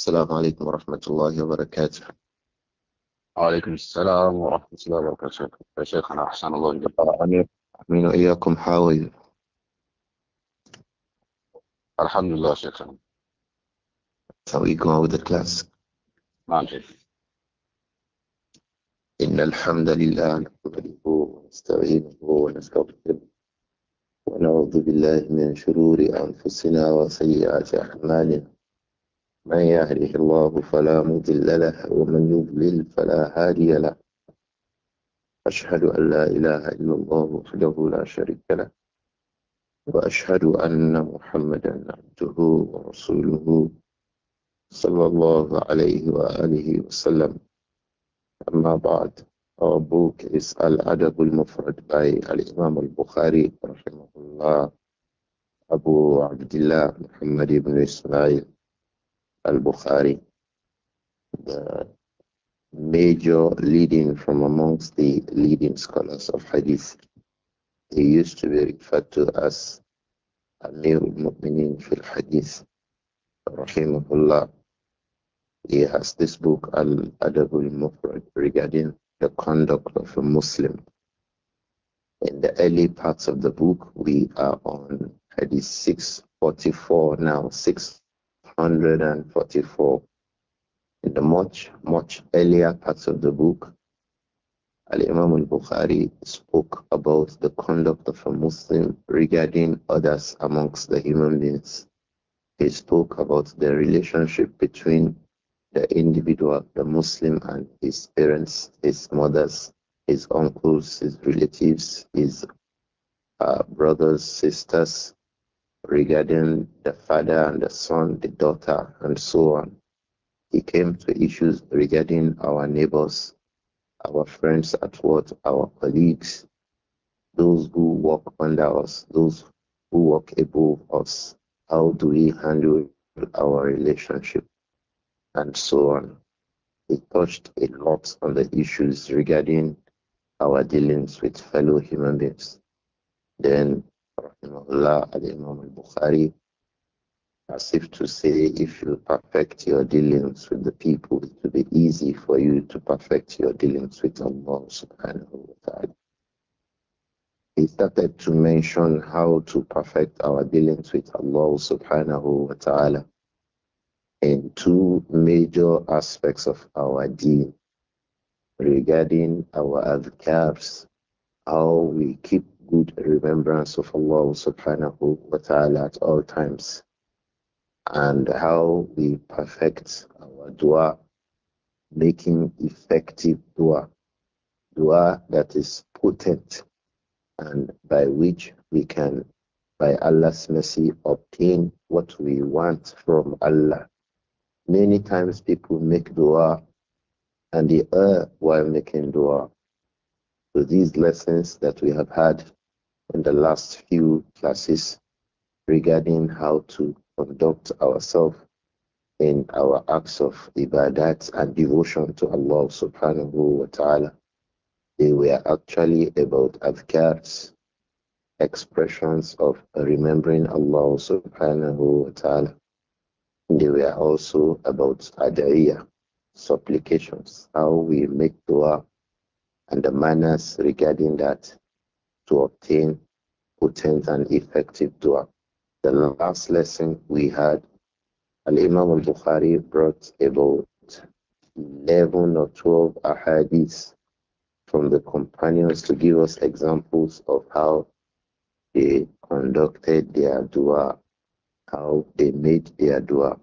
السلام عليكم ورحمة الله وبركاته وعليكم السلام ورحمة الله وبركاته يا شيخنا أحسن الله إليك أمين وإياكم حاوي الحمد لله شيخنا How we go with the class? نعم شيخ إن الحمد لله نحمده ونستعينه ونستغفره ونعوذ بالله من شرور أنفسنا وسيئات أعمالنا من يهده الله فلا مضل له ومن يضلل فلا هادي له أشهد أن لا إله إلا الله وحده لا شريك له وأشهد أن محمدا عبده ورسوله صلى الله عليه وآله وسلم أما بعد أبوك اسأل أدب المفرد باي الإمام البخاري رحمه الله أبو عبد الله محمد بن إسماعيل al-Bukhari, the major leading from amongst the leading scholars of hadith. He used to be referred to as Amir al-Mu'minin fil Hadith, rahimahullah. He has this book, Al-Adab al-Mufrad, regarding the conduct of a Muslim. In the early parts of the book, we are on Hadith 644 now, 6 144. In the much, much earlier parts of the book, Al Imam al Bukhari spoke about the conduct of a Muslim regarding others amongst the human beings. He spoke about the relationship between the individual, the Muslim, and his parents, his mothers, his uncles, his relatives, his uh, brothers, sisters, regarding the father and the son, the daughter, and so on. He came to issues regarding our neighbors, our friends at work, our colleagues, those who work under us, those who work above us. How do we handle our relationship? And so on. He touched a lot on the issues regarding our dealings with fellow human beings. Then rahimahullah, al Imam al Bukhari, as if to say, if you perfect your dealings with the people, it will be easy for you to perfect your dealings with Allah subhanahu wa ta'ala. He started to mention how to perfect our dealings with Allah subhanahu wa ta'ala in two major aspects of our deen regarding our adhkars, how we keep good remembrance of Allah subhanahu wa ta'ala at all times and how we perfect our dua, making effective dua, dua that is potent and by which we can, by Allah's mercy, obtain what we want from Allah. Many times people make dua and they err while making dua. So these lessons that we have had in the last few classes regarding how to conduct ourselves in our acts of ibadat and devotion to Allah subhanahu wa ta'ala. They were actually about adhkars, expressions of remembering Allah subhanahu wa ta'ala. They were also about adaiya, supplications, how we make dua and the manners regarding that to obtain potent and effective dua. The last lesson we had, Al Imam al Bukhari brought about 11 or 12 hadiths from the companions to give us examples of how they conducted their dua, how they made their dua.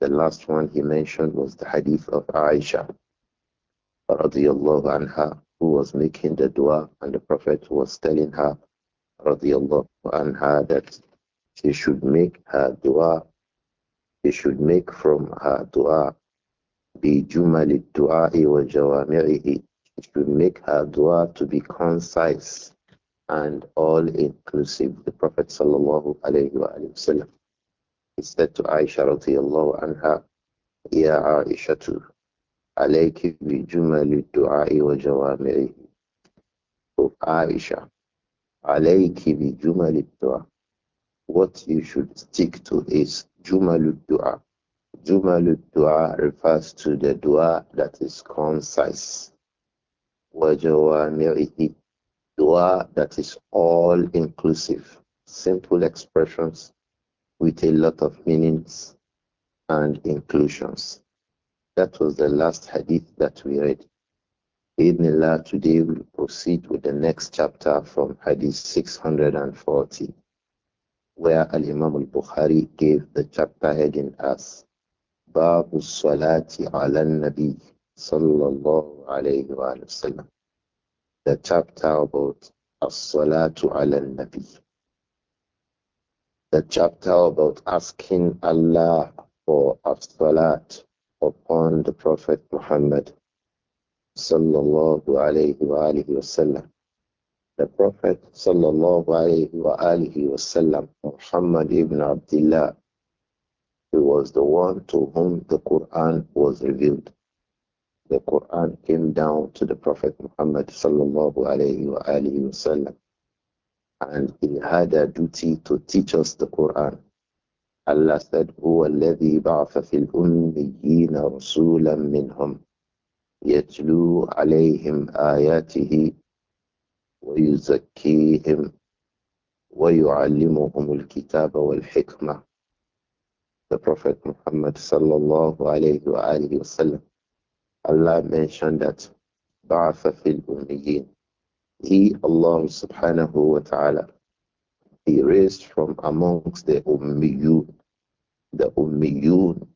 The last one he mentioned was the hadith of Aisha الله عنها who was making the dua, and the Prophet was telling her, radiallahu anha, that she should make her dua, she should make from her dua, be jumali du'a'i wa jawami'ihi. She should make her dua to be concise and all inclusive. The Prophet sallallahu alayhi wa sallam, he said to Aisha radiallahu anha, Ya Aisha عليك بجمل الدعاء وجوامعه عليك بجمل الدعاء What you should stick to is جمل الدعاء جمل الدعاء refers to the dua that is concise وجوامعه dua that is all inclusive simple expressions with a lot of meanings and inclusions that was the last hadith that we read. Allah, today we proceed with the next chapter from hadith 640, where Al Imam al Bukhari gave the chapter heading as Babu Salati ala Nabi sallallahu alayhi wa sallam. The chapter about As-Salatu ala Nabi. The chapter about asking Allah for As-Salat upon the Prophet Muhammad sallallahu alayhi wa alihi wasallam. The Prophet sallallahu alayhi wa alihi wasallam, Muhammad ibn Abdullah, he was the one to whom the Quran was revealed. The Quran came down to the Prophet Muhammad sallallahu alayhi wa alihi wasallam, and he had a duty to teach us the Quran Allah said, هو الذي بعث في الأميين رسولا منهم يتلو عليهم آياته ويزكيهم ويعلمهم الكتاب والحكمة The Prophet Muhammad sallallahu alayhi wa alihi wasallam Allah mentioned that بعث في الأميين He Allah subhanahu wa ta'ala he raised from amongst the Ummiyun. The Ummiyun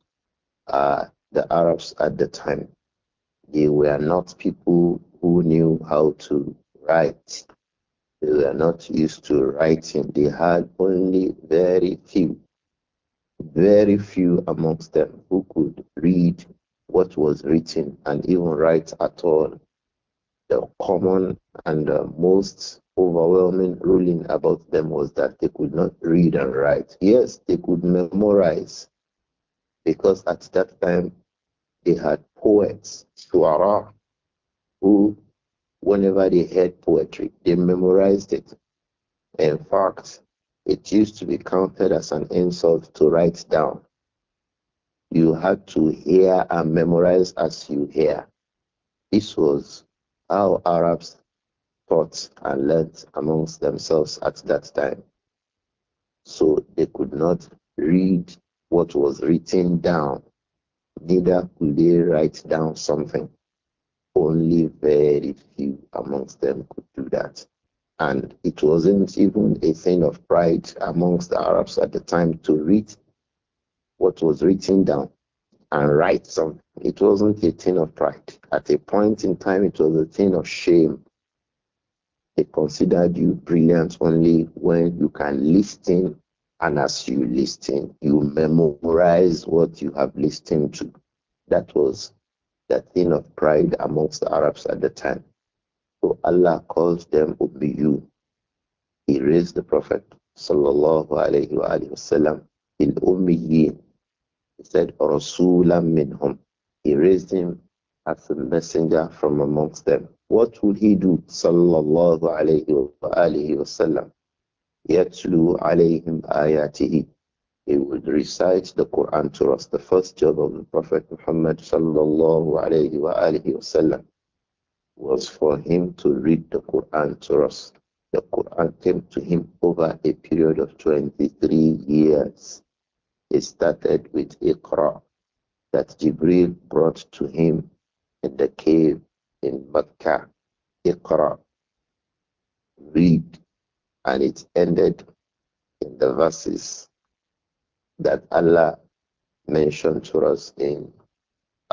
the Arabs at the time. They were not people who knew how to write. They were not used to writing. They had only very few, very few amongst them who could read what was written and even write at all. The common and the most overwhelming ruling about them was that they could not read and write. Yes, they could memorize because at that time they had poets, suara, who, whenever they heard poetry, they memorized it. In fact, it used to be counted as an insult to write down. You had to hear and memorize as you hear. This was how Arabs taught and learnt amongst themselves at that time. So they could not read what was written down, neither could they write down something. Only very few amongst them could do that. And it wasn't even a thing of pride amongst the Arabs at the time to read what was written down and write something. It wasn't a thing of pride. At a point in time, it was a thing of shame they considered you brilliant only when you can listen, and as you listen, you memorize what you have listened to. That was the thing of pride amongst the Arabs at the time. So Allah calls them you. He raised the Prophet sallallahu alayhi wa alayhi wasallam in Ummiyin. He said, Rasulam minhum. He raised him as a messenger from amongst them what would he do? Sallallahu alayhi wa alihi wa sallam. Yatlu alayhim ayatihi. He would recite the Quran to us, the first job of the Prophet Muhammad sallallahu alayhi wa alihi wa sallam was for him to read the Quran to us. The Quran came to him over a period of 23 years. It started with Iqra that Jibril brought to him in the cave in Mecca, Iqra, read, and it ended in the verses that Allah mentioned to us in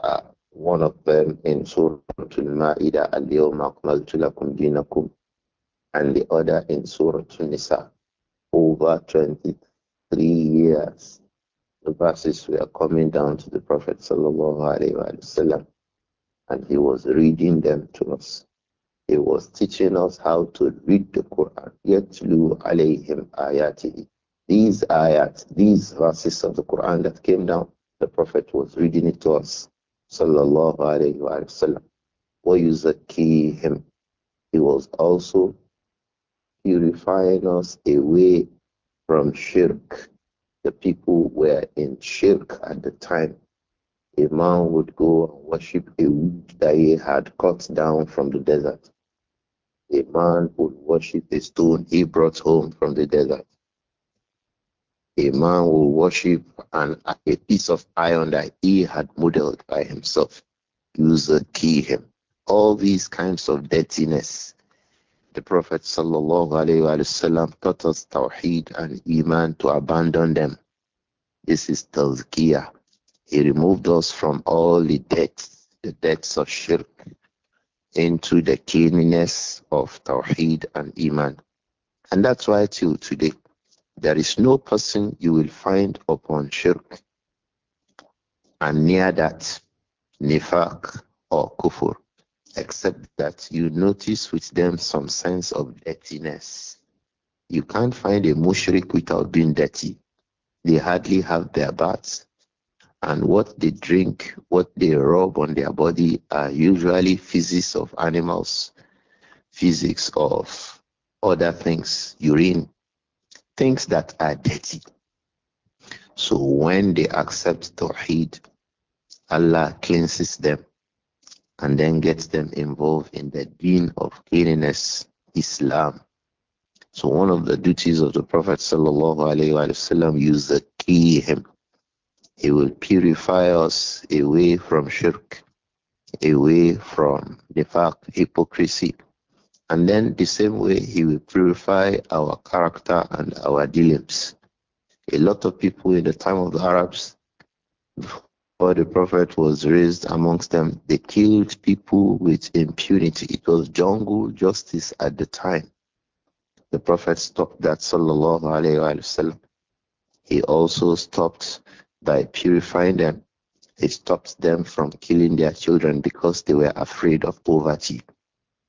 uh, one of them in Surah Al-Ma'idah, Al-Yawma Akmaltu Lakum Dinakum, and the other in Surah Nisa, over 23 years. The verses were coming down to the Prophet Sallallahu Alaihi Wasallam and he was reading them to us. He was teaching us how to read the Quran. Yatlu alayhim ayatihi. These ayat, these verses of the Quran that came down, the Prophet was reading it to us. Sallallahu alayhi wa sallam. وَيُزَكِّيهِمْ He was also purifying us away from shirk. The people were in shirk at the time a man would go and worship a wood that he had cut down from the desert. A man would worship a stone he brought home from the desert. A man would worship an, a piece of iron that he had modeled by himself. User key him. All these kinds of dirtiness. The Prophet wasallam taught us Tawheed and Iman to abandon them. This is Tazkiyah he removed us from all the depths, the debts of shirk, into the cleanliness of Tawheed and Iman. And that's why till today, there is no person you will find upon shirk and near that nifaq or kufur, except that you notice with them some sense of dirtiness. You can't find a mushrik without being dirty. They hardly have their baths. And what they drink, what they rub on their body are usually physics of animals, physics of other things, urine, things that are dirty. So when they accept Tawheed, Allah cleanses them and then gets them involved in the deen of cleanliness, Islam. So one of the duties of the Prophet sallallahu alaihi wasallam is the key him. He will purify us away from shirk, away from the fact hypocrisy. And then the same way he will purify our character and our dealings. A lot of people in the time of the Arabs, before the Prophet was raised amongst them, they killed people with impunity. It was jungle justice at the time. The Prophet stopped that, sallallahu alayhi wa He also stopped by purifying them, it stops them from killing their children because they were afraid of poverty.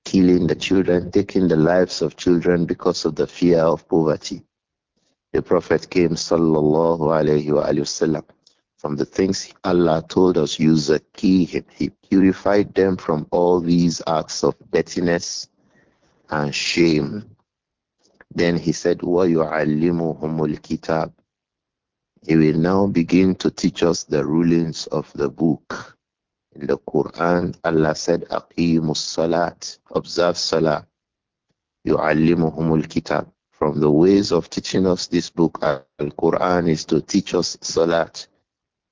Killing the children, taking the lives of children because of the fear of poverty. The Prophet came, sallallahu alayhi wa, sallam, from the things Allah told us, use a key He purified them from all these acts of dirtiness and shame. Then he said, وَيُعَلِّمُهُمُ kitab?" He will now begin to teach us the rulings of the book. In the Quran, Allah said, Aqimus Salat, observe Salah. Yu'allimuhumul Kitab. From the ways of teaching us this book, Al Quran, is to teach us Salat.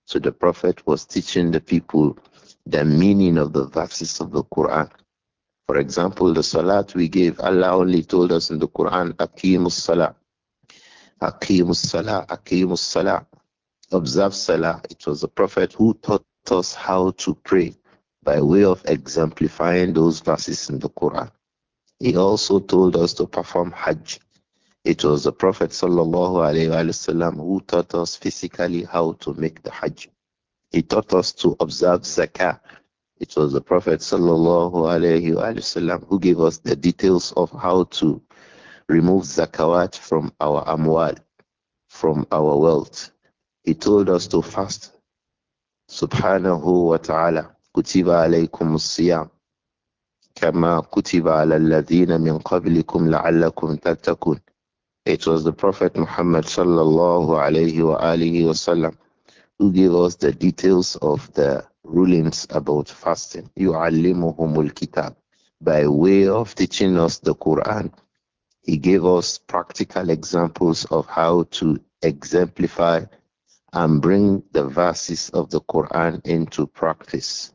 So the Prophet was teaching the people the meaning of the verses of the Quran. For example, the Salat we gave, Allah only told us in the Quran, Aqimus Salat. Akimus Salah, Akimus Salah. Observe Salah. It was the Prophet who taught us how to pray by way of exemplifying those verses in the Quran. He also told us to perform Hajj. It was the Prophet وسلم, who taught us physically how to make the Hajj. He taught us to observe Zakah. It was the Prophet وسلم, who gave us the details of how to remove zakawat from our amwal, from our wealth. He told us to fast. Subhanahu wa ta'ala, kutiba alaykum siyam. Kama kutiba ala alladhina min qablikum la'allakum tattakun. It was the Prophet Muhammad sallallahu alayhi wa alihi wa sallam who gave us the details of the rulings about fasting. You Yu'allimuhumul kitab by way of teaching us the Quran. He gave us practical examples of how to exemplify and bring the verses of the Quran into practice.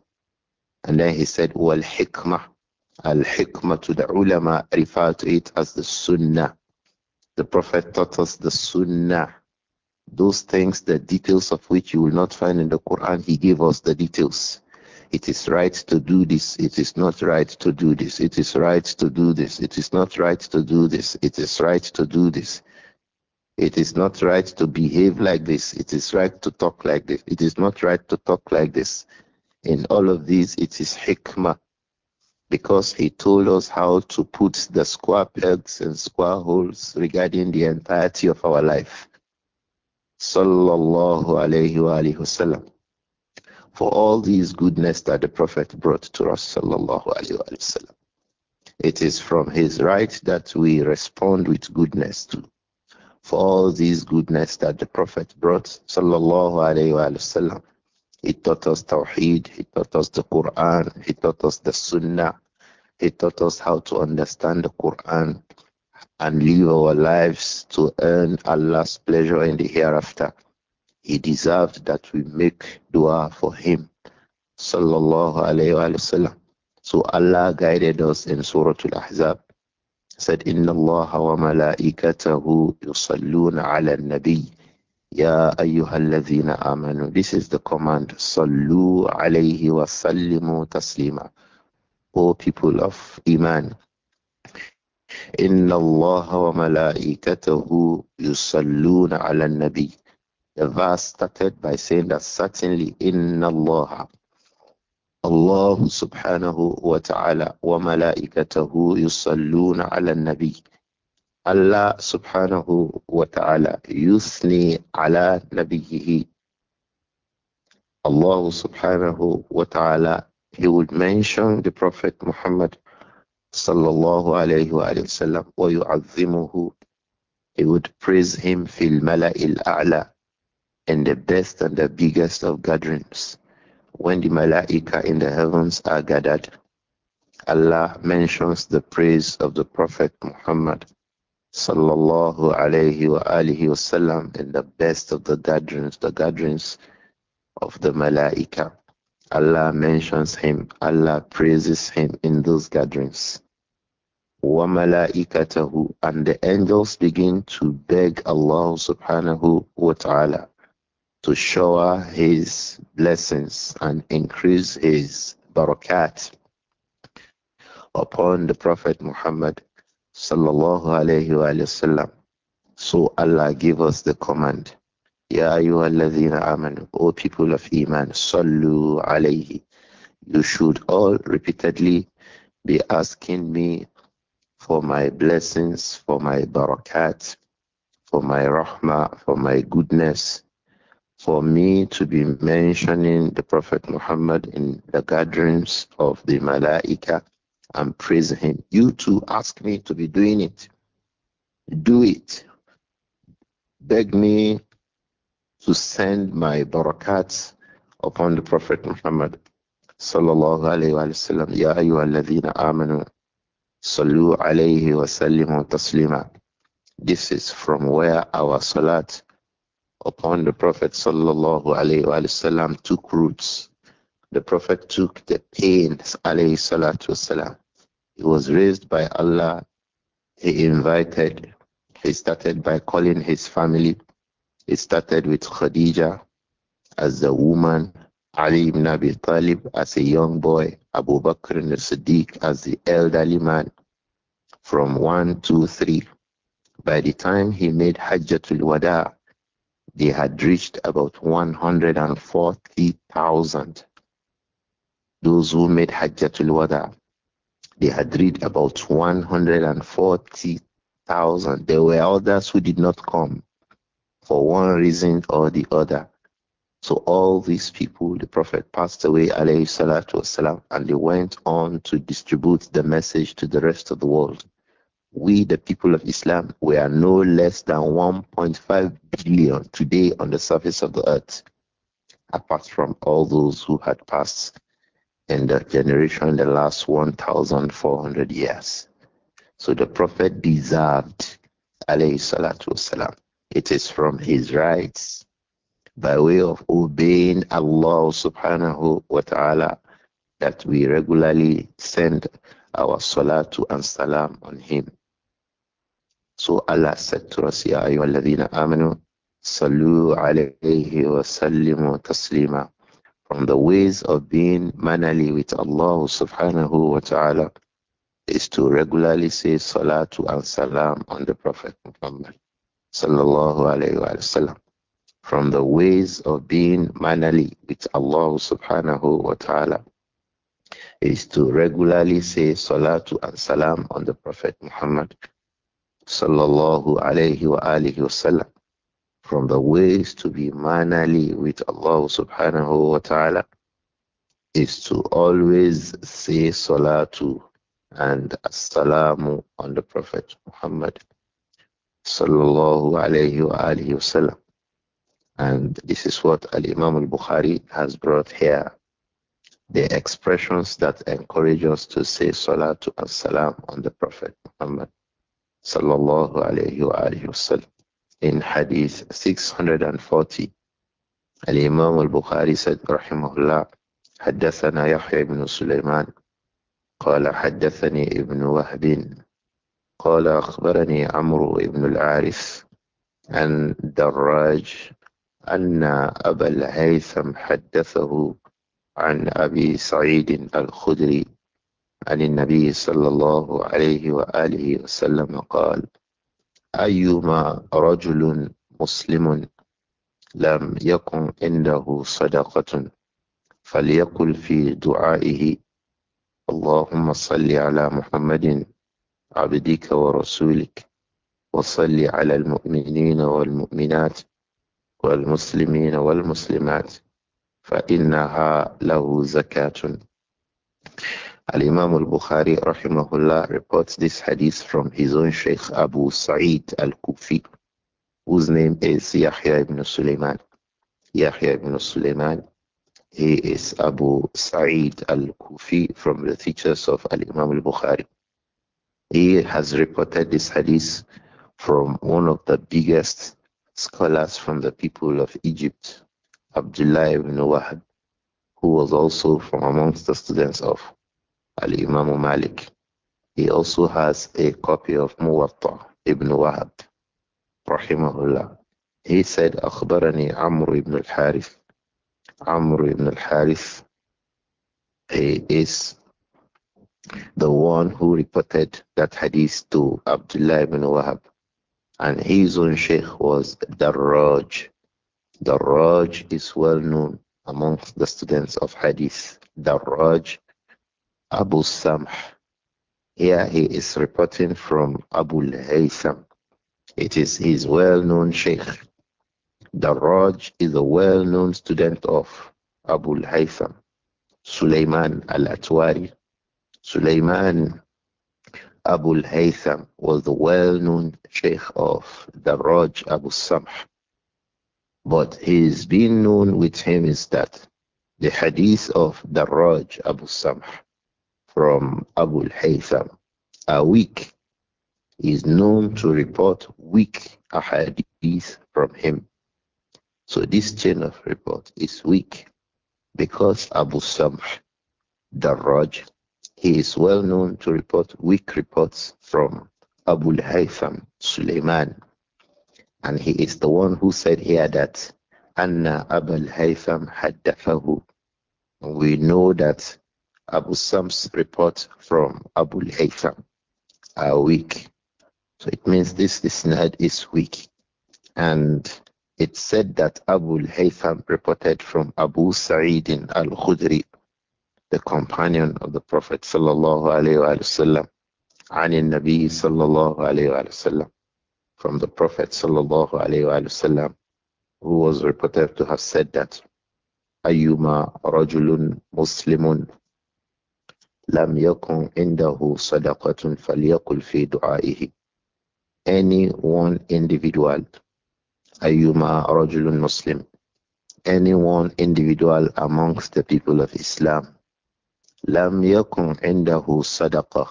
And then he said, Wal hikmah. Al hikmah to the ulama refer to it as the sunnah. The Prophet taught us the sunnah. Those things, the details of which you will not find in the Quran, he gave us the details. It is right to do this. It is not right to do this. It is right to do this. It is not right to do this. It is right to do this. It is not right to behave like this. It is right to talk like this. It is not right to talk like this. In all of these, it is hikmah because he told us how to put the square pegs and square holes regarding the entirety of our life. Sallallahu alayhi wa for all these goodness that the Prophet brought to us. It is from his right that we respond with goodness to. For all these goodness that the Prophet brought, sallallahu alayhi wa he taught us Tawheed, he taught us the Quran, he taught us the Sunnah, he taught us how to understand the Quran and live our lives to earn Allah's pleasure in the hereafter. He deserved that we make dua for him. Sallallahu alayhi wa sallam. So Allah guided us in Surah Al-Ahzab. Said, Inna Allah wa malaikatahu yusalluna ala nabi. Ya ayyuhalladhina amanu. This is the command. Sallu alayhi wa sallimu taslima. O people of Iman. Inna Allah wa malaikatahu yusalluna ala nabi. The verse started by saying that certainly inna Allah Allah subhanahu wa ta'ala wa malaikatahu yusalluna ala nabi Allah subhanahu wa ta'ala yusni ala nabihi Allah subhanahu wa ta'ala he would mention the prophet Muhammad sallallahu alayhi wa sallam wa yu'azzimuhu he would praise him fil mala'il a'la in the best and the biggest of gatherings. When the Malaika in the heavens are gathered, Allah mentions the praise of the Prophet Muhammad sallallahu alayhi wa alihi wasallam in the best of the gatherings, the gatherings of the Malaika. Allah mentions him, Allah praises him in those gatherings. Wa malaikatahu and the angels begin to beg Allah subhanahu wa ta'ala to shower His blessings and increase His barakat upon the Prophet Muhammad sallallahu alayhi wa sallam. So Allah give us the command. Ya ayyuhalladhina amanu, O people of Iman, sallu alayhi. You should all repeatedly be asking me for my blessings, for my barakat, for my rahmah, for my goodness, for me to be mentioning the Prophet Muhammad in the gatherings of the Malaika and praise him. You too ask me to be doing it. Do it. Beg me to send my barakat upon the Prophet Muhammad. Sallallahu alayhi wa sallam. Ya ayyuhalladhina amanu. Sallu alayhi wa sallimu taslima. This is from where our salat upon the Prophet sallallahu wasallam took roots. The Prophet took the pains. والسلام. He was raised by Allah. He invited. He started by calling his family. He started with Khadija as a woman, Ali ibn Abi Talib as a young boy, Abu Bakr and Siddiq as the elderly man from one, two, three. By the time he made Hajjatul Wada, they had reached about 140,000. Those who made Hajjatul Wada, they had reached about 140,000. There were others who did not come for one reason or the other. So all these people, the Prophet passed away, alayhi salatu wasalam, and they went on to distribute the message to the rest of the world we, the people of Islam, we are no less than 1.5 billion today on the surface of the earth, apart from all those who had passed in the generation in the last 1,400 years. So the Prophet deserved, alayhi It is from his rights by way of obeying Allah subhanahu wa ta'ala that we regularly send our salatu and salam on him. So Allah said to us, Ya ayyuhalladhina amanu, salu alayhi wa sallimu taslima. From the ways of being manali with Allah subhanahu wa ta'ala is to regularly say salatu and salam on the Prophet Muhammad sallallahu alayhi wa sallam. From the ways of being manali with Allah subhanahu wa ta'ala is to regularly say salatu and salam on the Prophet Muhammad sallallahu alayhi wa alihi from the ways to be mannerly with Allah subhanahu wa ta'ala is to always say salatu and assalamu on the Prophet Muhammad sallallahu alayhi wa alihi And this is what Al Imam al Bukhari has brought here. The expressions that encourage us to say salatu and salam on the Prophet Muhammad sallallahu alayhi wa alayhi wasallam in hadith 640 al-imam al-bukhari said rahimahullah حدثنا يحيى بن سليمان قال حدثني ابن وهب قال أخبرني عمرو بن العارف عن دراج أن أبا الهيثم حدثه عن أبي سعيد الخدري عن النبي صلى الله عليه وآله وسلم قال أيما رجل مسلم لم يكن عنده صدقة فليقل في دعائه اللهم صل على محمد عبدك ورسولك وصل على المؤمنين والمؤمنات والمسلمين والمسلمات فإنها له زكاة Al-Imam al-Bukhari rahimahullah reports this hadith from his own Sheikh Abu Sa'id al-Kufi, whose name is Yahya ibn Sulaiman. Yahya ibn Sulaiman, he is Abu Sa'id al-Kufi from the teachers of Al-Imam al-Bukhari. He has reported this hadith from one of the biggest scholars from the people of Egypt, Abdullah ibn Wahab, who was also from amongst the students of Al Imam Malik. He also has a copy of Muwatta Ibn Wahab, rahimahullah. He said, "Akhbarani Amr ibn al-Harith." Amr ibn al-Harith. He is the one who reported that hadith to Abdullah ibn Wahab. And his own sheikh was Darraj. Darraj is well known amongst the students of hadith. Darraj Abu Samh. Here he is reporting from Abu Haysam. It is his well-known sheikh. Darraj is a well-known student of Abu Haytham, Sulaiman al-Atwari. Sulaiman Abu Haytham was the well-known sheikh of Darraj Abu Samh. But his being known with him is that the hadith of Darraj Abu Samh from Abu haytham A weak is known to report weak ahadith from him. So this chain of report is weak because Abu Samh Darraj, he is well known to report weak reports from Abu haytham Sulaiman. And he is the one who said here that Anna Abu haytham haddathahu. We know that Abu Sam's report from Abu Haytham are weak. So it means this isnad is weak. And it said that Abu Haytham reported from Abu Sa'id al Khudri, the companion of the Prophet sallallahu alayhi wasallam, and in Nabi sallallahu alaihi wasallam, from the Prophet sallallahu alayhi wasallam, who was reported to have said that. أيما رجل مسلم لم يكن عنده صدقة فليقل في دعائه any one individual أيما رجل مسلم any one individual amongst the people of Islam لم يكن عنده صدقة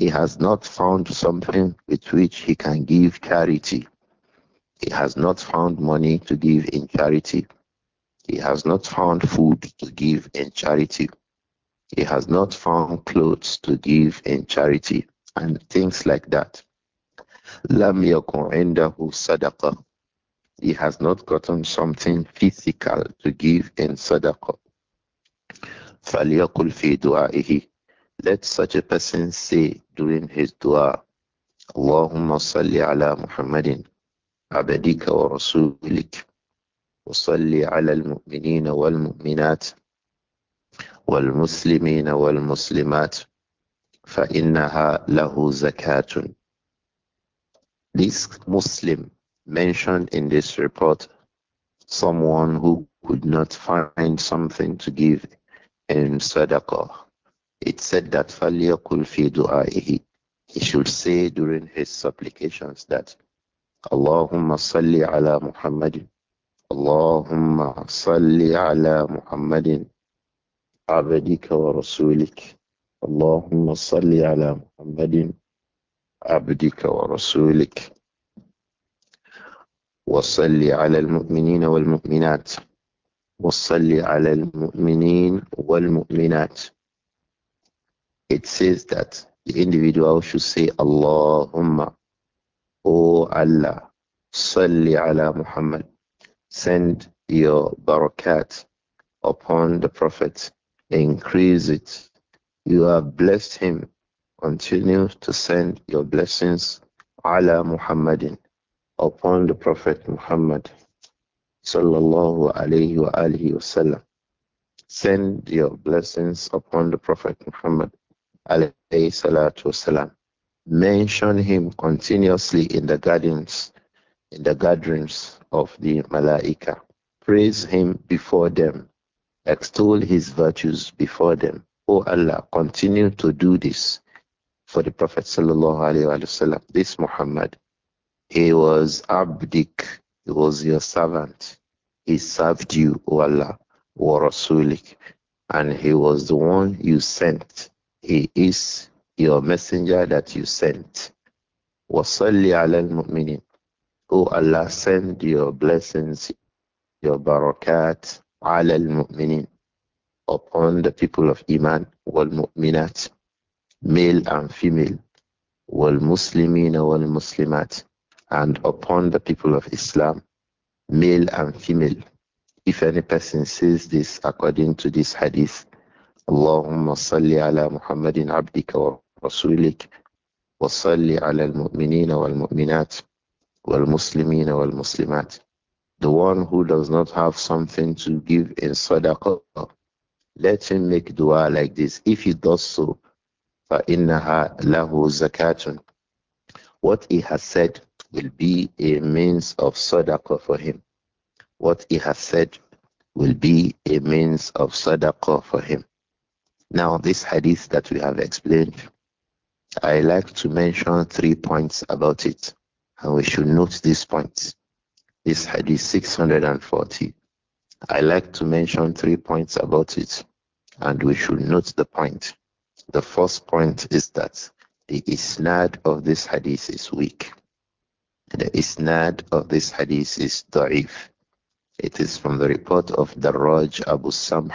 he has not found something with which he can give charity he has not found money to give in charity he has not found food to give in charity he has not found clothes to give in charity, and things like that. Lam yakunindahu sadaqa. He has not gotten something physical to give in sadaqa. Faliyakul fi du'a'ihi. Let such a person say during his dua, Allahumma salli ala Muhammadin, abadika wa rasulik, wa salli ala al wa al muminat والمسلمين والمسلمات فإنها له زكاة This Muslim mentioned in this report, someone who could not find something to give in Sadaqah. It said that فَلْيَقُلْ فِي دُعَائِهِ He should say during his supplications that اللهم صل على محمد اللهم صل على محمد عبدك ورسولك اللهم صل على محمد عبدك ورسولك وصل على المؤمنين والمؤمنات وصل على المؤمنين والمؤمنات It says that the individual should say اللهم O Allah صل على محمد Send your barakat upon the Prophet increase it. You have blessed him. Continue to send your blessings ala Muhammadin upon the Prophet Muhammad sallallahu alayhi wa alihi wasallam. Send your blessings upon the Prophet Muhammad alayhi salatu wasallam. Mention him continuously in the gardens, in the gatherings of the Malaika. Praise him before them extol his virtues before them. O Allah, continue to do this for the Prophet wasallam. This Muhammad, he was abdik, he was your servant. He served you, O Allah, wa rasulik, and he was the one you sent. He is your messenger that you sent. Wasalli ala al O Allah, send your blessings, your barakat, على المؤمنين upon the people of Iman والمؤمنات male and female والمسلمين والمسلمات and upon the people of Islam male and female if any person says this according to this hadith اللهم صل على محمد عبدك ورسولك وصل على المؤمنين والمؤمنات والمسلمين والمسلمات the one who does not have something to give in sadaqah, let him make dua like this. If he does so, فَإِنَّهَا لَهُ زَكَاتٌ What he has said will be a means of sadaqah for him. What he has said will be a means of sadaqah for him. Now, this hadith that we have explained, I like to mention three points about it, and we should note these points is Hadith 640. I like to mention three points about it, and we should note the point. The first point is that the isnad of this hadith is weak. The isnad of this hadith is da'if. It is from the report of Darraj Abu Samh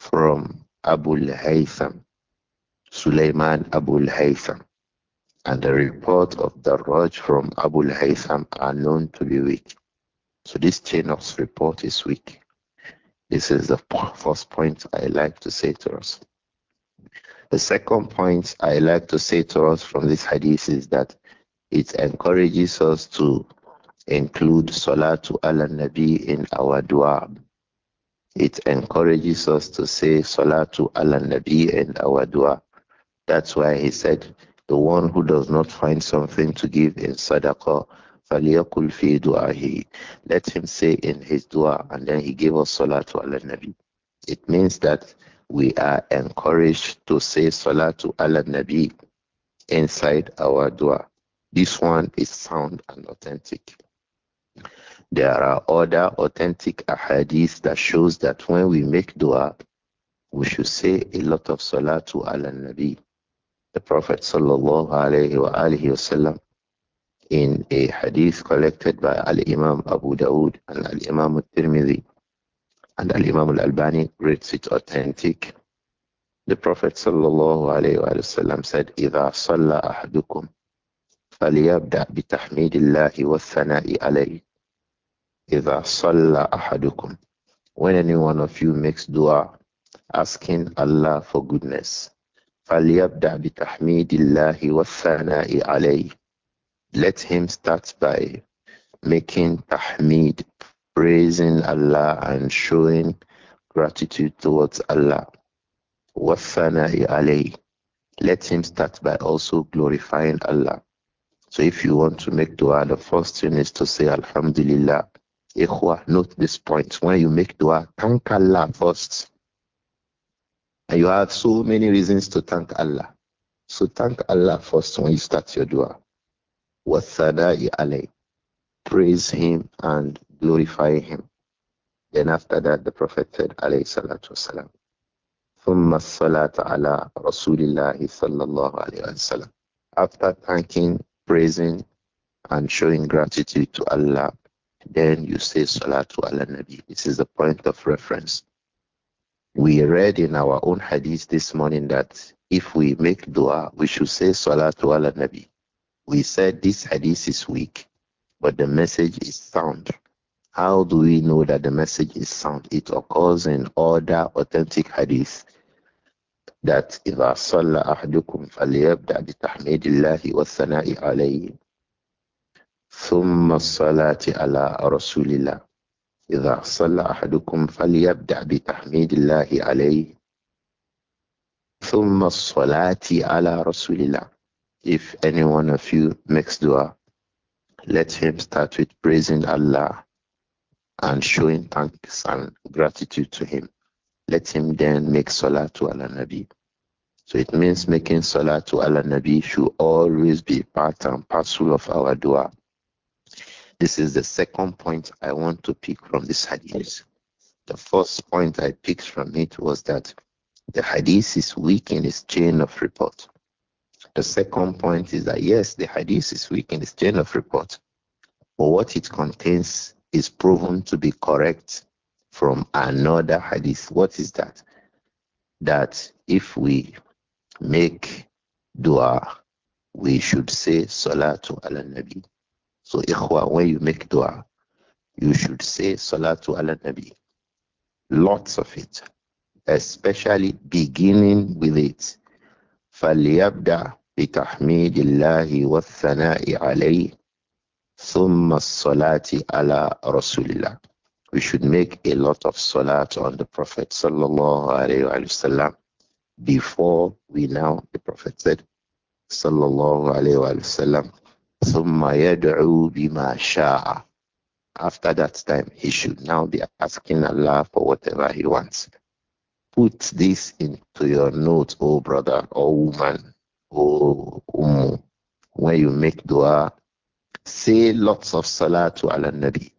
from Abu al-Haytham, Sulaiman Abu al-Haytham and the report of the Raj from Abu al-Haytham are known to be weak. So this chain of report is weak. This is the first point I like to say to us. The second point I like to say to us from this hadith is that it encourages us to include Salatu ala Nabi in our dua. It encourages us to say Salatu ala Nabi in our dua. That's why he said, the one who does not find something to give in sadaqah, faliyakul fi دُعَاهِ Let him say in his dua, and then he gave us salatu ala nabi. It means that we are encouraged to say salatu ala nabi inside our dua. This one is sound and authentic. There are other authentic ahadith that shows that when we make dua, we should say a lot of salatu ala nabi the Prophet sallallahu alaihi wa wasallam in a hadith collected by Al Imam Abu Dawood and Al Imam Al Tirmidhi and Al Imam Al Albani rates it authentic. The Prophet sallallahu alaihi wasallam said, "Idha salla ahadukum." فليبدأ بتحميد الله والثناء عليه إذا صلى أحدكم when any one of you makes dua asking Allah for goodness بِتَحْمِيدِ اللَّهِ وَالثَّنَاءِ عَلَيْهِ Let him start by making tahmid, praising Allah and showing gratitude towards Allah. وَالثَّنَاءِ عَلَيْهِ Let him start by also glorifying Allah. So if you want to make dua, the first thing is to say Alhamdulillah. Ikhwa, note this point. When you make dua, thank Allah first. And you have so many reasons to thank Allah. So thank Allah first when you start your dua. وَالثَّنَاءِ عَلَيْهِ Praise Him and glorify Him. Then after that, the Prophet said, alayhi salatu wasalam, ثُمَّ الصَّلَاةَ عَلَىٰ Allah اللَّهِ صَلَّى اللَّهُ عَلَيْهِ After thanking, praising, and showing gratitude to Allah, then you say Salatu ala Nabi. This is the point of reference we read in our own hadith this morning that if we make dua, we should say Salatu ala Nabi. We said this hadith is weak, but the message is sound. How do we know that the message is sound? It occurs in other authentic hadith that إذا صلى أحدكم فليبدأ بتحميد الله والثناء عليه ثم الصلاة على رسول الله إذا صلى أحدكم بتحميد الله عليه ثم الصلاة على رسول الله If any one of you makes dua, let him start with praising Allah and showing thanks and gratitude to him. Let him then make salah to Allah Nabi. So it means making salah to Allah Nabi should always be part and parcel of our dua. This is the second point I want to pick from this hadith. The first point I picked from it was that the hadith is weak in its chain of report. The second point is that yes, the hadith is weak in its chain of report, but what it contains is proven to be correct from another hadith. What is that? That if we make dua, we should say salatu ala nabi so, ikhwa, when you make dua, you should say Salatu ala Nabi. Lots of it, especially beginning with it. فليبدأ بتحميد الله والثناء عليه ثم الصلاة على رسول الله. We should make a lot of salat on the Prophet sallallahu alayhi wa sallam before we now, the Prophet said sallallahu alayhi wa sallam, ثم يدعو بما شاء after that time, he should now be asking Allah for whatever he wants. Put this into your note, O oh brother, O oh woman, O oh ummu. When you make dua, say lots of salah to Allah Nabi.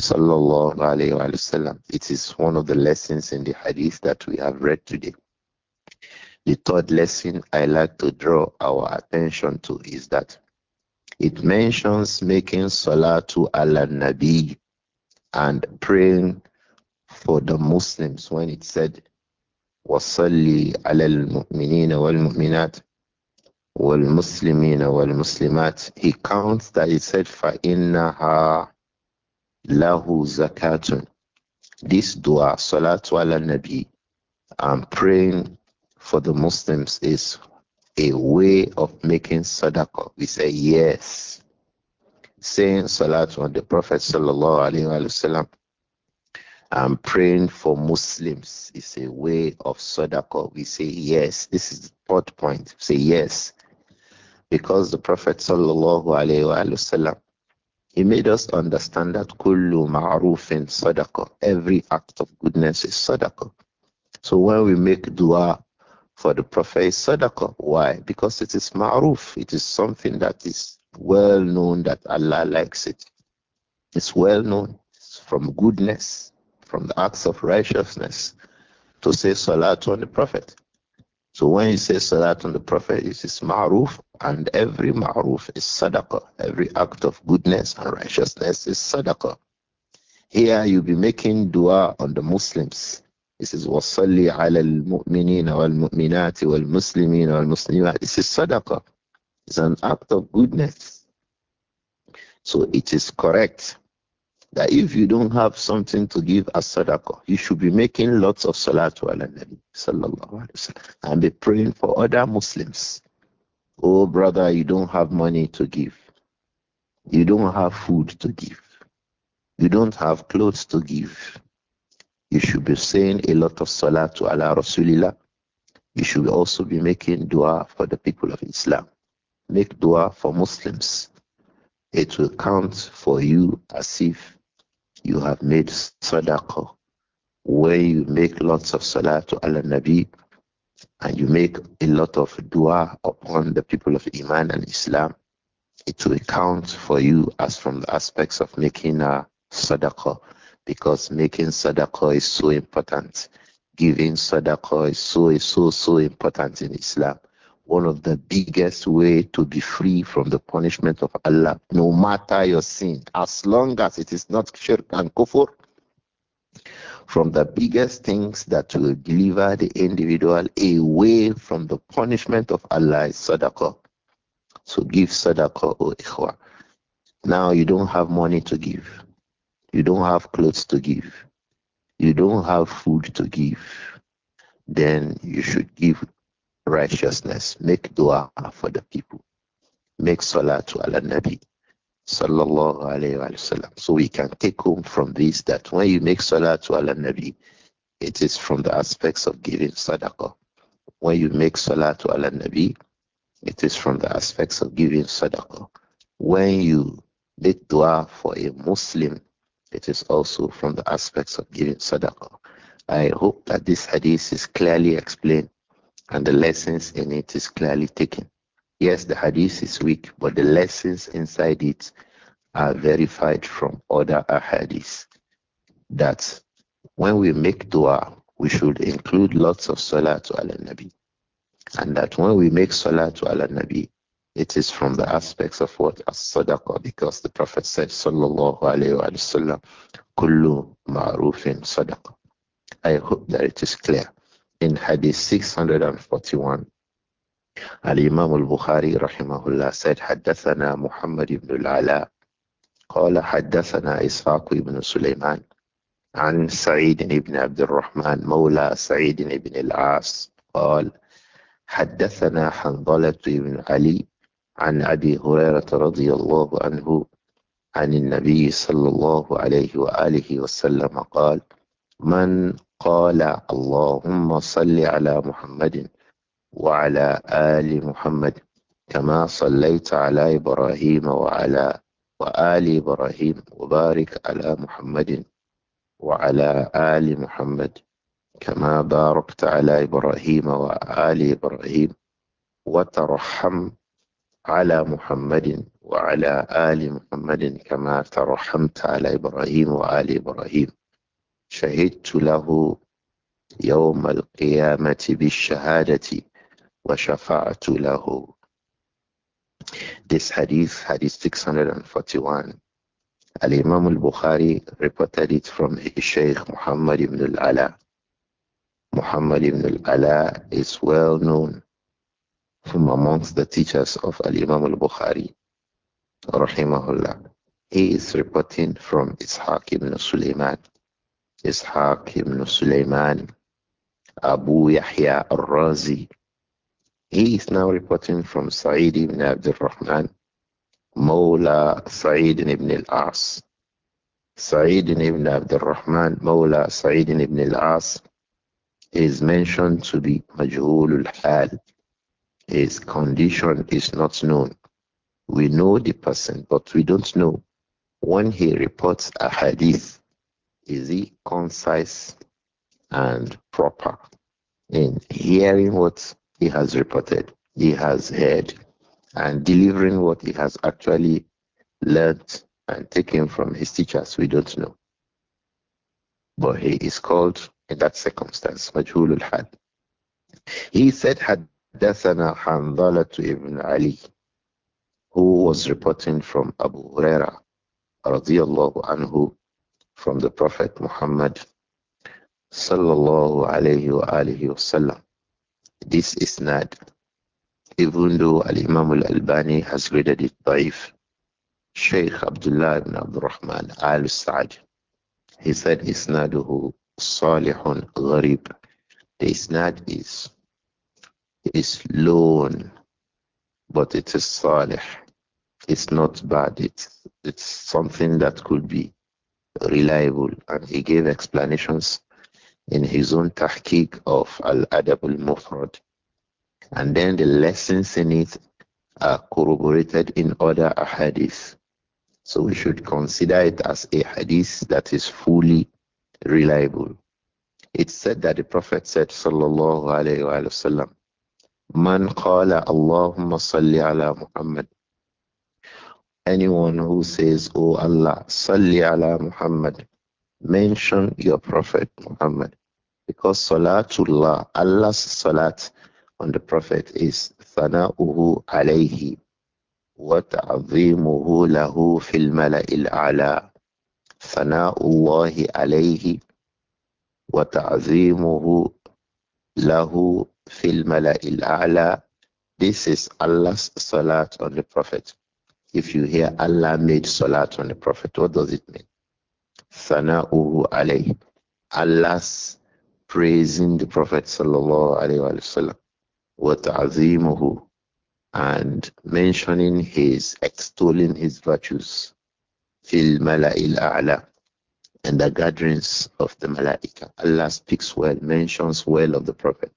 Sallallahu alayhi Wasallam. sallam. it is one of the lessons in the hadith that we have read today. The third lesson I like to draw our attention to is that it mentions making to Allah nabi and praying for the Muslims when it said wal mu'minat wal والمؤمنات wal muslimat he counts that he said فإنها lahu zakatun." this dua salatu ala nabi and praying for the Muslims is a way of making sadaqah? We say yes. Saying salat on the Prophet sallallahu alaihi wasallam and praying for Muslims is a way of sadaqah. We say yes. This is the third point. We say yes because the Prophet sallallahu alaihi wasallam he made us understand that kullu ma'rufin sadaqah. Every act of goodness is sadaqah. So when we make dua for the Prophet is sadaqah. Why? Because it is ma'ruf. It is something that is well known that Allah likes it. It's well known it's from goodness, from the acts of righteousness to say salat on the Prophet. So when you say salat on the Prophet, it is ma'ruf, and every ma'ruf is sadaqah. Every act of goodness and righteousness is sadaqah. Here you be making dua on the Muslims this al-mu'minin wal mu'minat wal-Muslimin wal وَالْمُسْلِمَاتِ This is sadaqah. It's an act of goodness. So it is correct that if you don't have something to give as sadaqah, you should be making lots of salatul ala nabi sallallahu alayhi wa and be praying for other Muslims. Oh brother, you don't have money to give. You don't have food to give. You don't have clothes to give. You should be saying a lot of salah to Allah Rasulillah. You should also be making dua for the people of Islam. Make dua for Muslims. It will count for you as if you have made sadaqah. When you make lots of salah to Allah Nabi and you make a lot of dua upon the people of Iman and Islam, it will count for you as from the aspects of making a sadaqah because making sadaqah is so important. Giving sadaqah is so, so, so important in Islam. One of the biggest way to be free from the punishment of Allah, no matter your sin, as long as it is not shirk and kufr, from the biggest things that will deliver the individual away from the punishment of Allah is sadaqah. So give sadaqah, O ikhwa. Now you don't have money to give. You don't have clothes to give. You don't have food to give. Then you should give righteousness. Make dua for the people. Make salah to Allah Nabi. Sallallahu alayhi wa sallam. So we can take home from this that when you make salah to Allah Nabi, it is from the aspects of giving sadaqah. When you make salah to Allah Nabi, it is from the aspects of giving sadaqah. When you make dua for a Muslim, it is also from the aspects of giving sadaqah. I hope that this hadith is clearly explained and the lessons in it is clearly taken. Yes, the hadith is weak, but the lessons inside it are verified from other hadiths. That when we make dua, we should include lots of salah to al Nabi. And that when we make salah to al Nabi, it is from the aspects of what as sadaqah, because the Prophet said, Sallallahu wa sallam, Kullu Ma'rufin Sadaqah. I hope that it is clear. In Hadith 641, الإمام البخاري رحمه الله said حدثنا محمد بن العلاء قال حدثنا إسحاق بن سليمان عن سعيد بن عبد الرحمن مولى سعيد بن العاص قال حدثنا حنظلة بن علي عن أبي هريرة رضي الله عنه عن النبي صلى الله عليه وآله وسلم قال من قال اللهم صل على محمد وعلى آل محمد كما صليت على إبراهيم وعلى وآل إبراهيم وبارك على محمد وعلى آل محمد كما باركت على إبراهيم وآل إبراهيم وترحم على محمد وعلى آل محمد كما ترحمت على إبراهيم وآل إبراهيم شهدت له يوم القيامة بالشهادة وشفعت له This hadith, hadith 641 Al-Imam al-Bukhari reported it from his Shaykh Muhammad ibn al-Ala Muhammad ibn al-Ala is well known from amongst the teachers of Al Imam al Bukhari, rahimahullah. He is reporting from Ishaq ibn Sulaiman. Ishaq ibn Sulaiman, Abu Yahya al Razi. He is now reporting from Sa'id ibn Abdul Rahman, Mawla Sa'id ibn al As. Sa'id ibn Abdul Rahman, Mawla Sa'id ibn al As, is mentioned to be Majhul al Hal his condition is not known. We know the person, but we don't know when he reports a hadith, is he concise and proper in hearing what he has reported, he has heard, and delivering what he has actually learnt and taken from his teachers? We don't know. But he is called in that circumstance, Majhulul Had. He said, had حدثنا حنظلة ibn Ali, who was reporting from Abu Huraira radiallahu anhu from the Prophet Muhammad sallallahu alayhi wa alihi wasallam. This is not, even though Al-Imam al-Albani has graded it da'if, Shaykh Abdullah ibn Rahman al-Sa'd, he said isnaduhu salihun gharib. The isnad is is loan, but it is salih. It's not bad. It's, it's something that could be reliable. And he gave explanations in his own tahqiq of Al-Adab al-Mufrad. And then the lessons in it are corroborated in other ahadith. So we should consider it as a hadith that is fully reliable. It's said that the Prophet said, Sallallahu Alaihi Wasallam, Man qala Allahumma salli ala Muhammad. Anyone who says, "O oh Allah, salli ala Muhammad, mention your Prophet Muhammad. Because salatullah, Allah's salat on the Prophet is thana'uhu alayhi wa ta'zimuhu lahu fil mala'il a'la. Thana'ullahi alayhi wa ta'zimuhu Lahu fil mala'il a'la. This is Allah's salat on the Prophet. If you hear Allah made salat on the Prophet, what does it mean? Sana'uhu alayhi. Allah's praising the Prophet sallallahu alayhi wa sallam. Wa ta'zimuhu. And mentioning his, extolling his virtues. Fil mala'il a'la and the gatherings of the Malaika. Allah speaks well, mentions well of the Prophet.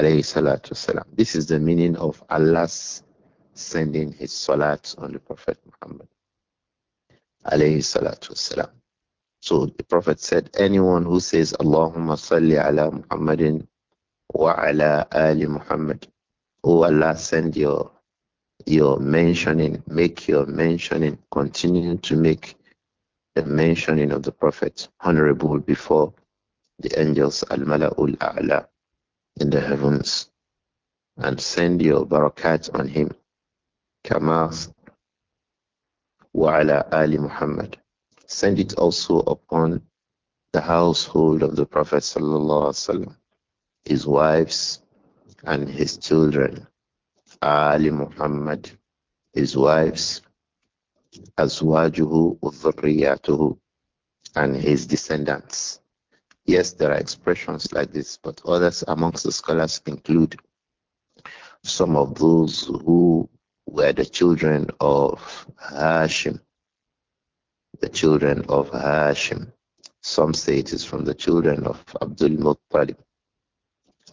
This is the meaning of Allah's sending his salat on the Prophet Muhammad. So the Prophet said, anyone who says Allahumma salli ala Muhammadin wa ala ali Muhammad, oh Allah send your your mentioning, make your mentioning, continue to make the mentioning of the Prophet, honorable before the angels, Al Mala'ul A'la, in the heavens, and send your barakat on him. Kama wa ala Ali Muhammad. Send it also upon the household of the Prophet, وسلم, his wives and his children. Ali Muhammad, his wives Azwajuhu Udhriyatuhu, and his descendants. Yes, there are expressions like this, but others amongst the scholars include some of those who were the children of Hashim. The children of Hashim. Some say it is from the children of Abdul Muttalib,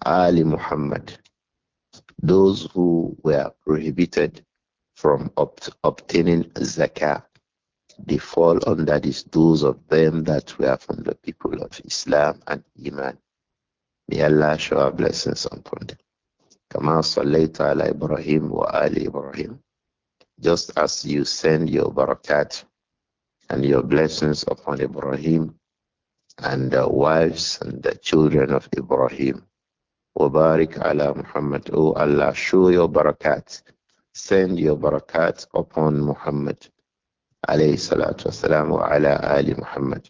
Ali Muhammad. Those who were prohibited from opt- obtaining zakah. They fall under these those of them that were from the people of Islam and Iman. May Allah shower blessings upon them. Kama sallaita ala Ibrahim wa ali Ibrahim. Just as you send your barakat and your blessings upon Ibrahim and the wives and the children of Ibrahim. Wabarik ala Muhammad. O oh Allah, show your barakat send your barakat upon Muhammad alayhi salatu wasalam wa ala ali Muhammad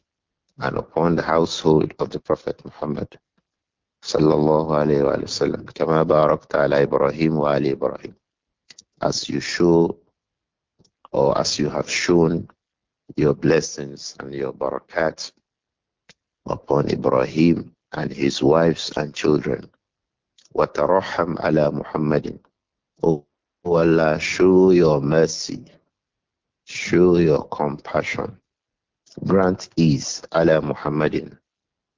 and upon the household of the Prophet Muhammad sallallahu alayhi wa sallam kama barakta ala Ibrahim wa ali Ibrahim as you show or as you have shown your blessings and your barakat upon Ibrahim and his wives and children. وترحم على محمد. Oh Allah, show your mercy, show your compassion. Grant ease, Allah Muhammadin,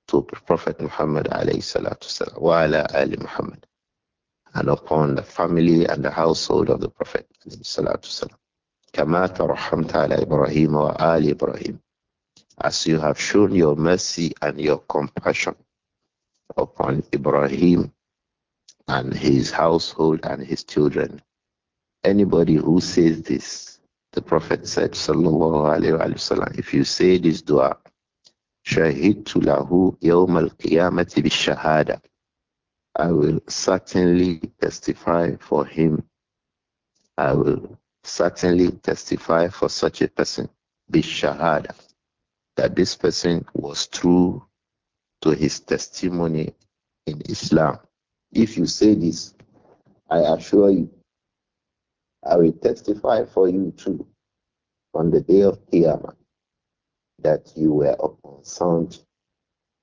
to Prophet Muhammad alayhi salatu salam, wa ala ali Muhammad, and upon the family and the household of the Prophet alayhi salatu salam. Kama ala Ibrahim wa ali Ibrahim. As you have shown your mercy and your compassion upon Ibrahim and his household and his children Anybody who says this, the Prophet said, Sallallahu Wasallam, if you say this dua, Shahidtu lahu yawm al-qiyamati I will certainly testify for him. I will certainly testify for such a person, bi shahada, that this person was true to his testimony in Islam. If you say this, I assure you, I will testify for you too on the day of Qiyamah that you were upon sound,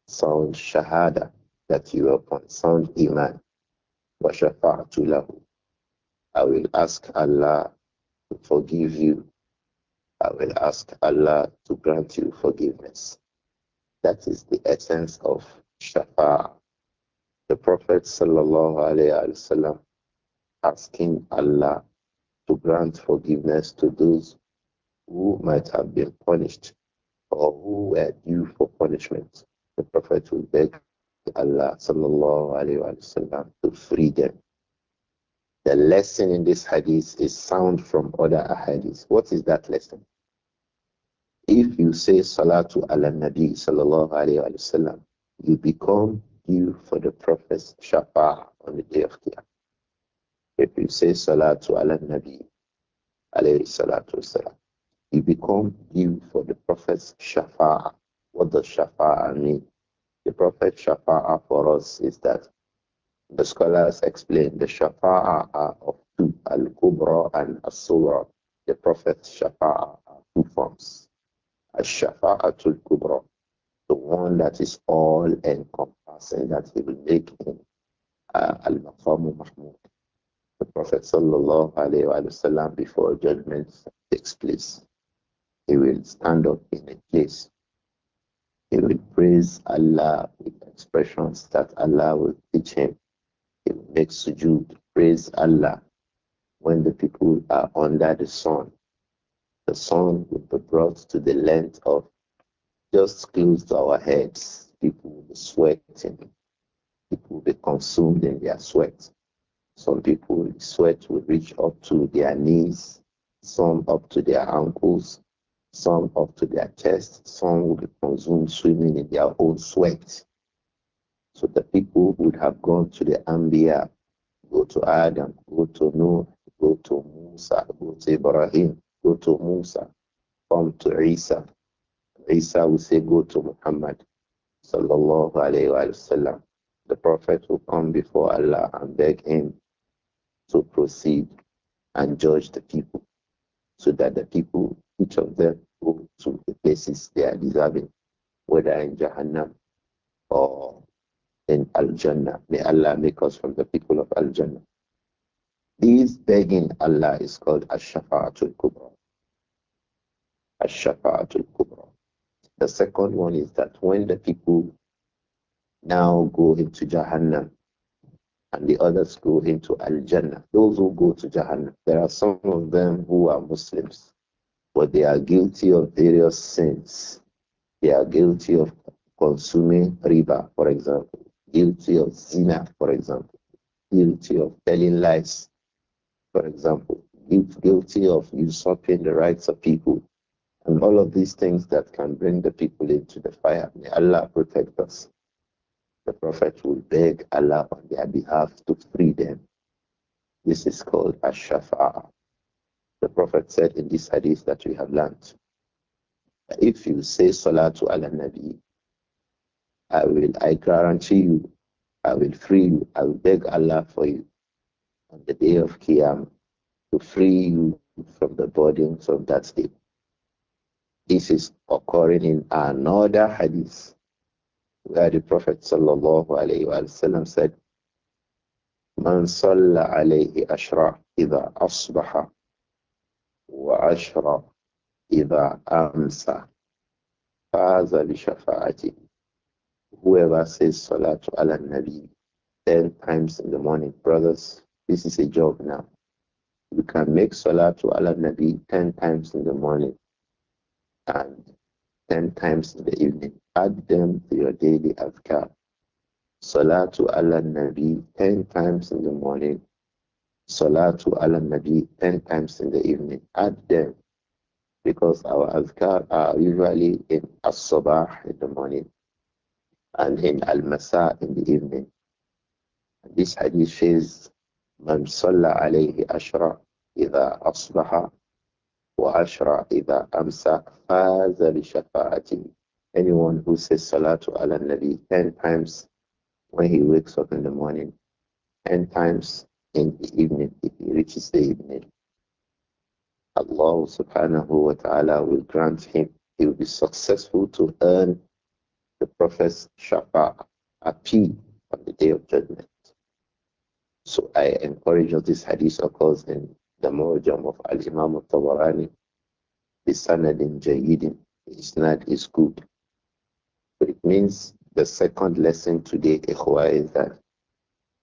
sound shahada, that you were upon sound iman. Washafa'atu lahu. I will ask Allah to forgive you. I will ask Allah to grant you forgiveness. That is the essence of shafa'a. The Prophet sallallahu alaihi wasallam asking Allah to grant forgiveness to those who might have been punished or who were due for punishment. The Prophet will beg Allah sallallahu wa to free them. The lesson in this hadith is sound from other hadiths. What is that lesson? If you say salatu ala nabi sallallahu alayhi you become due for the Prophet's shafa on the day of Qiyamah. If you say Salatu ala Nabi, alayhi salatu salam, you become due for the Prophet's shafa. What does shafa mean? The Prophet shafa for us is that the scholars explain the shafa are of two, Al Kubra and As The Prophet's shafa are two forms. Al Shafa'atul Kubra, the one that is all encompassing, that he will make him uh, Al Maqamu Mahmud the Prophet وسلم, before judgment takes place. He will stand up in a place. He will praise Allah with expressions that Allah will teach him. He will make sujood, praise Allah when the people are under the sun. The sun will be brought to the length of just close to our heads. People will be sweating. People will be consumed in their sweat some people, sweat will reach up to their knees, some up to their ankles, some up to their chest, some will be consumed swimming in their own sweat. So the people would have gone to the Ambiya, go to Adam, go to Noah, go to Musa, go to Ibrahim, go to Musa, come to Isa. Isa will say, go to Muhammad, sallallahu alayhi wa sallam. The Prophet will come before Allah and beg him to proceed and judge the people so that the people, each of them, go to the places they are deserving, whether in Jahannam or in Al Jannah. May Allah make us from the people of Al Jannah. These begging Allah is called Ash-Shafa'atul Kubra. Ash-Shafa'atul Kubra. The second one is that when the people now go into Jahannam, and the others go into Al Jannah. Those who go to Jahannam, there are some of them who are Muslims, but they are guilty of various sins. They are guilty of consuming riba, for example, guilty of zina, for example, guilty of telling lies, for example, guilty of usurping the rights of people, and all of these things that can bring the people into the fire. May Allah protect us the Prophet will beg Allah on their behalf to free them. This is called Ash-Shafa'ah. The Prophet said in this hadith that we have learned, if you say Salatu ala Nabi, I will, I guarantee you, I will free you, I will beg Allah for you on the day of Qiyam to free you from the burdens of that day. This is occurring in another hadith where the Prophet sallallahu alayhi wa sallam said, Man salla alayhi ashra idha asbaha wa ashra idha amsa faza bi shafa'ati. Whoever says salatu ala nabi ten times in the morning, brothers, this is a job now. You can make salatu ala nabi ten times in the morning and ten times in the evening Add them to your daily adhkar. Salatu ala Nabi 10 times in the morning. Salatu ala Nabi 10 times in the evening. Add them because our adhkar are usually in as-sabah in the morning and in al-masa in the evening. This hadith says, من ashra idha أشرى wa ashra idha amsa faza li بشفاعته Anyone who says Salatu ala Nabi 10 times when he wakes up in the morning, 10 times in the evening if he reaches the evening, Allah subhanahu wa ta'ala will grant him, he will be successful to earn the Prophet's shafa'a appeal on the day of judgment. So I encourage all this hadith occurs in the Mawjam of Al Imam al Tabarani. the Sanad in Jayidin, his is good. It means the second lesson today, Ikhwa, is that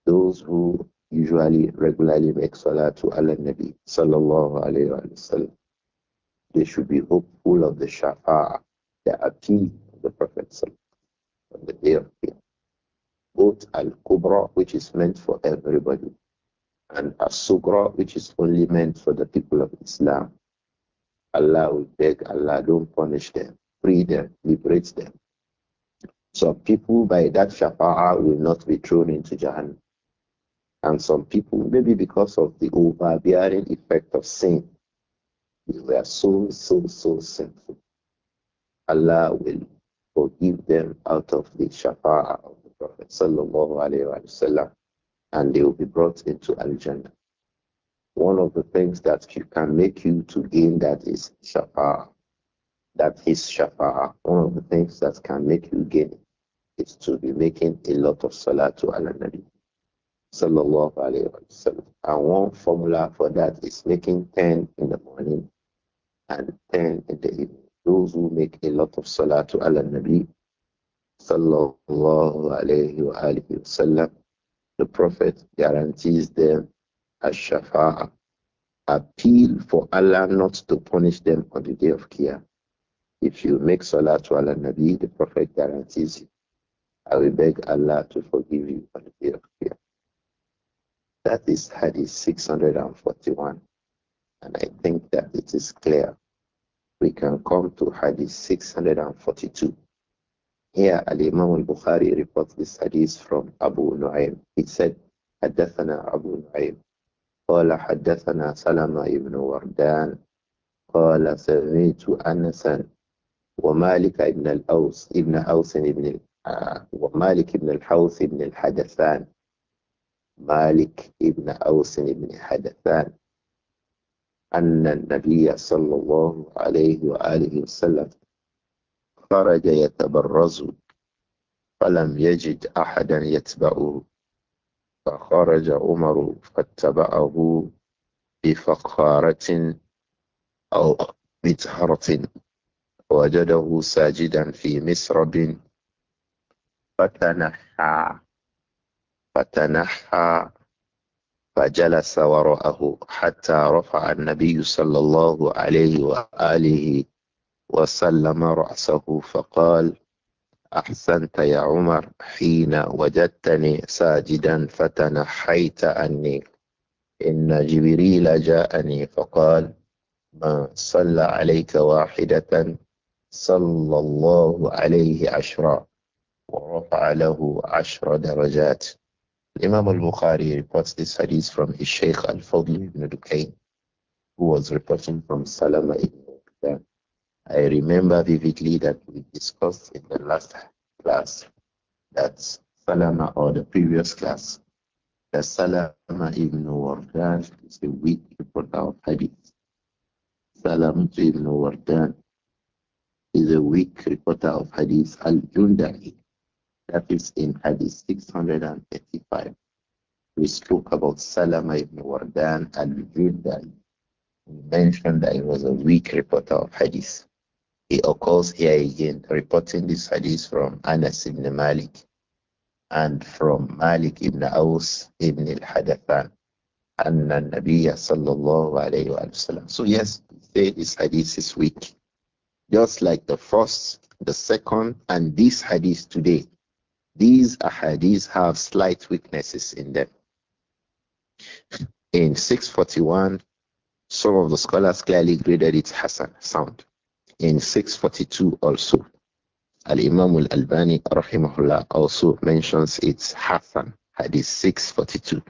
those who usually regularly make salah to Allah Nabi sallallahu alayhi wa sallam, they should be hopeful of the shafa the appeal of the Prophet on the day of Qiyamah. Both al-kubra, which is meant for everybody, and as-sugra, which is only meant for the people of Islam. Allah will beg Allah, don't punish them, free them, liberate them. Some people by that shafa'a will not be thrown into Jahannam. And some people, maybe because of the overbearing effect of sin, they were so, so, so sinful. Allah will forgive them out of the shafa'a of the Prophet wasallam, and they will be brought into Al Jannah. One of the things that can make you to gain that is shafa'a. That is shafa'a. One of the things that can make you gain is to be making a lot of to ala nabi sallallahu alayhi wa sallam. And one formula for that is making 10 in the morning and 10 in the evening. Those who make a lot of to ala nabi sallallahu alayhi wa, alayhi wa sallam, the Prophet guarantees them ash-shafa'ah, appeal for Allah not to punish them on the day of Qiyam. If you make to ala nabi, the Prophet guarantees you I will beg Allah to forgive you for the day of fear. That is Hadith 641. And I think that it is clear. We can come to Hadith 642. Here, Al Imam al Bukhari reports this hadith from Abu Nu'aym. He said, حدثنا أبو نعيم قال حدثنا سلمة بن وردان قال سمعت أنسا ومالك بن الأوس بن أوس بن ومالك بن الحوث بن الحدثان مالك بن أوس بن حدثان أن النبي صلى الله عليه وآله وسلم خرج يتبرز فلم يجد أحدا يتبعه فخرج عمر فاتبعه بفقارة أو بطهرة وجده ساجدا في مسرب فتنحى فتنحى فجلس وراءه حتى رفع النبي صلى الله عليه وآله وسلم رأسه فقال أحسنت يا عمر حين وجدتني ساجدا فتنحيت عني إن جبريل جاءني فقال من صلى عليك واحدة صلى الله عليه عشرا ورفع له عشر درجات Imam al-Bukhari reports this hadith from his sheik al-Fadl ibn Dukain, who was reporting from Salama ibn Qudam. I remember vividly that we discussed in the last class that Salama or the previous class, that Salama ibn Wardan is a weak reporter of hadith. Salama ibn Wardan is a weak reporter of hadith al-Jundari. That is in Hadith 635. We spoke about Salama ibn Wardan al-Jindal. We mentioned that he was a weak reporter of Hadith. He occurs here again, reporting this Hadith from Anas ibn Malik and from Malik ibn Aus ibn al-Hadathan. أن النبي صلى الله عليه وسلم. So yes, say this hadith is weak. Just like the first, the second, and this hadith today. These ahadith have slight weaknesses in them. In 641, some of the scholars clearly graded it Hassan, sound. In 642 also, Al-Imam al-Albani rahimahullah also mentions its Hassan, hadith 642.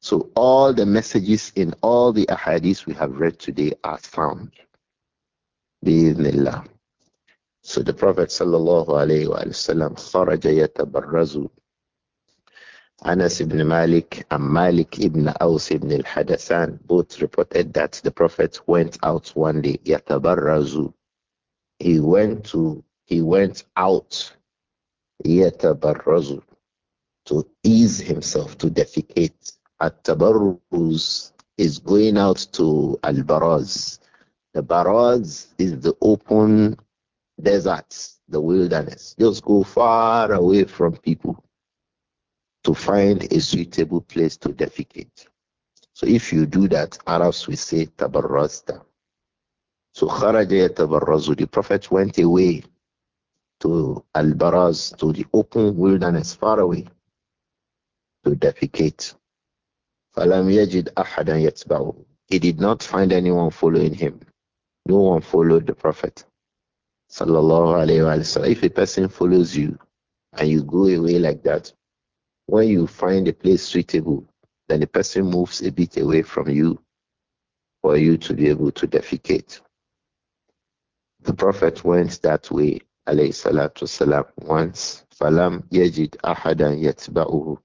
So all the messages in all the ahadith we have read today are found. Bismillah. So the Prophet sallallahu alayhi wa sallam kharaja yatabarrazu. Anas ibn Malik and Malik ibn Aus ibn al-Hadasan both reported that the Prophet went out one day yatabarrazu. He went to he went out yatabarrazu to ease himself to defecate. At-tabarruz is going out to al-baraz. The baraz is the open deserts, the wilderness. Just go far away from people to find a suitable place to defecate. So if you do that, Arabs will say tabarrazta. So kharaja tabarrazu, the Prophet went away to Al-Baraz, to the open wilderness far away to defecate. فَلَمْ yajid أَحَدًا يَتْبَعُهُ He did not find anyone following him. No one followed the Prophet. Sallallahu alayhi wasallam. if a person follows you and you go away like that, when you find a place suitable, then the person moves a bit away from you for you to be able to defecate. The Prophet went that way, alayhi salatu salam, once. Falam yajid ahadan yatba'uhu.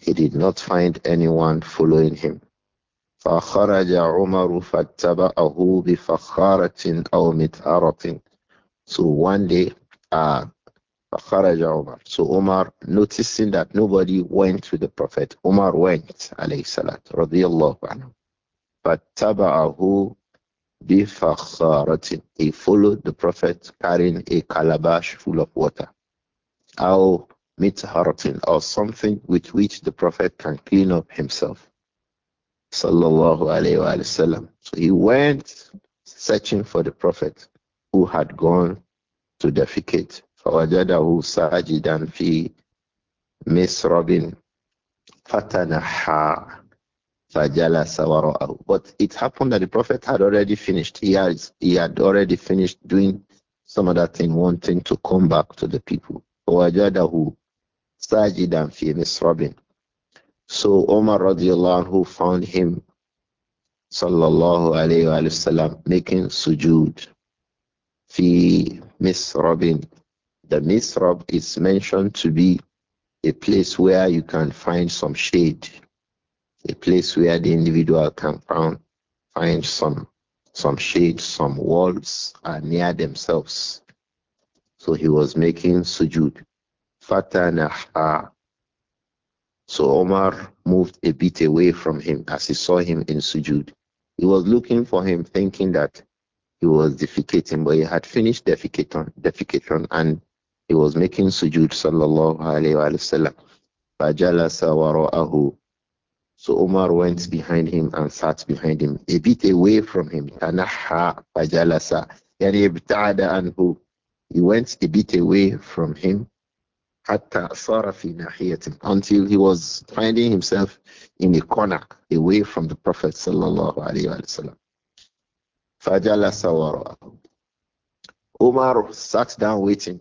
He did not find anyone following him. فخرج عمر فاتبعه بفخارة أو متأرة So one day, uh, فخرج عمر So Umar, noticing that nobody went to the Prophet, Umar went, عليه الصلاة رضي الله عنه فاتبعه بفخارة He followed the Prophet carrying a calabash full of water. أو متهارة or something with which the Prophet can clean up himself. Sallallahu alayhi wasallam. so he went searching for the Prophet who had gone to defecate. فوجده ساجدا في مسرب فتنحى فجلس وراءه. But it happened that the Prophet had already finished. He had, he had already finished doing some other thing, wanting to come back to the people. فوجده ساجدا في مسرب so Omar radiallahu anhu found him sallallahu alayhi wa sallam making sujud fi misrabin. The misrab is mentioned to be a place where you can find some shade, a place where the individual can find, find some some shade, some walls are near themselves. So he was making sujud. Fatanaha so Omar moved a bit away from him as he saw him in sujud. He was looking for him, thinking that he was defecating, but he had finished defecation, defecation and he was making sujud. sallallahu So Omar went behind him and sat behind him, a bit away from him. Tanaha He went a bit away from him until he was finding himself in a corner away from the Prophet sallallahu alaihi wasallam. Fajala Umar sat down waiting.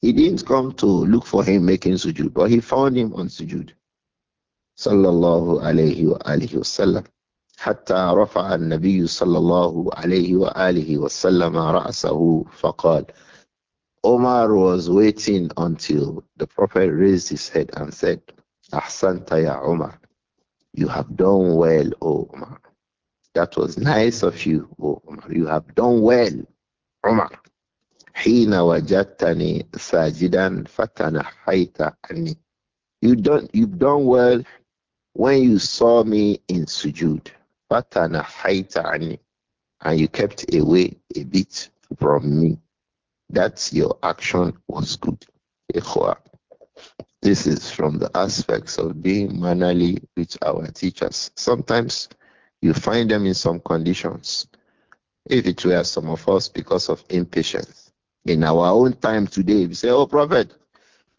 He didn't come to look for him making sujud, but he found him on sujud. Sallallahu alayhi wa alihi wasallam. حتى رفع النبي صلى الله عليه وآله وسلم رأسه فقال Omar was waiting until the Prophet raised his head and said, Ahsanta ya Omar, you have done well, O Omar. That was nice of you, O Omar. You have done well, Omar. حين sajidan ساجدا فتنحيت عني. You done, you've done well when you saw me in sujud. haita عني. And you kept away a bit from me that your action was good. This is from the aspects of being mannerly with our teachers. Sometimes you find them in some conditions. If it were some of us because of impatience. In our own time today, we say, Oh, Prophet,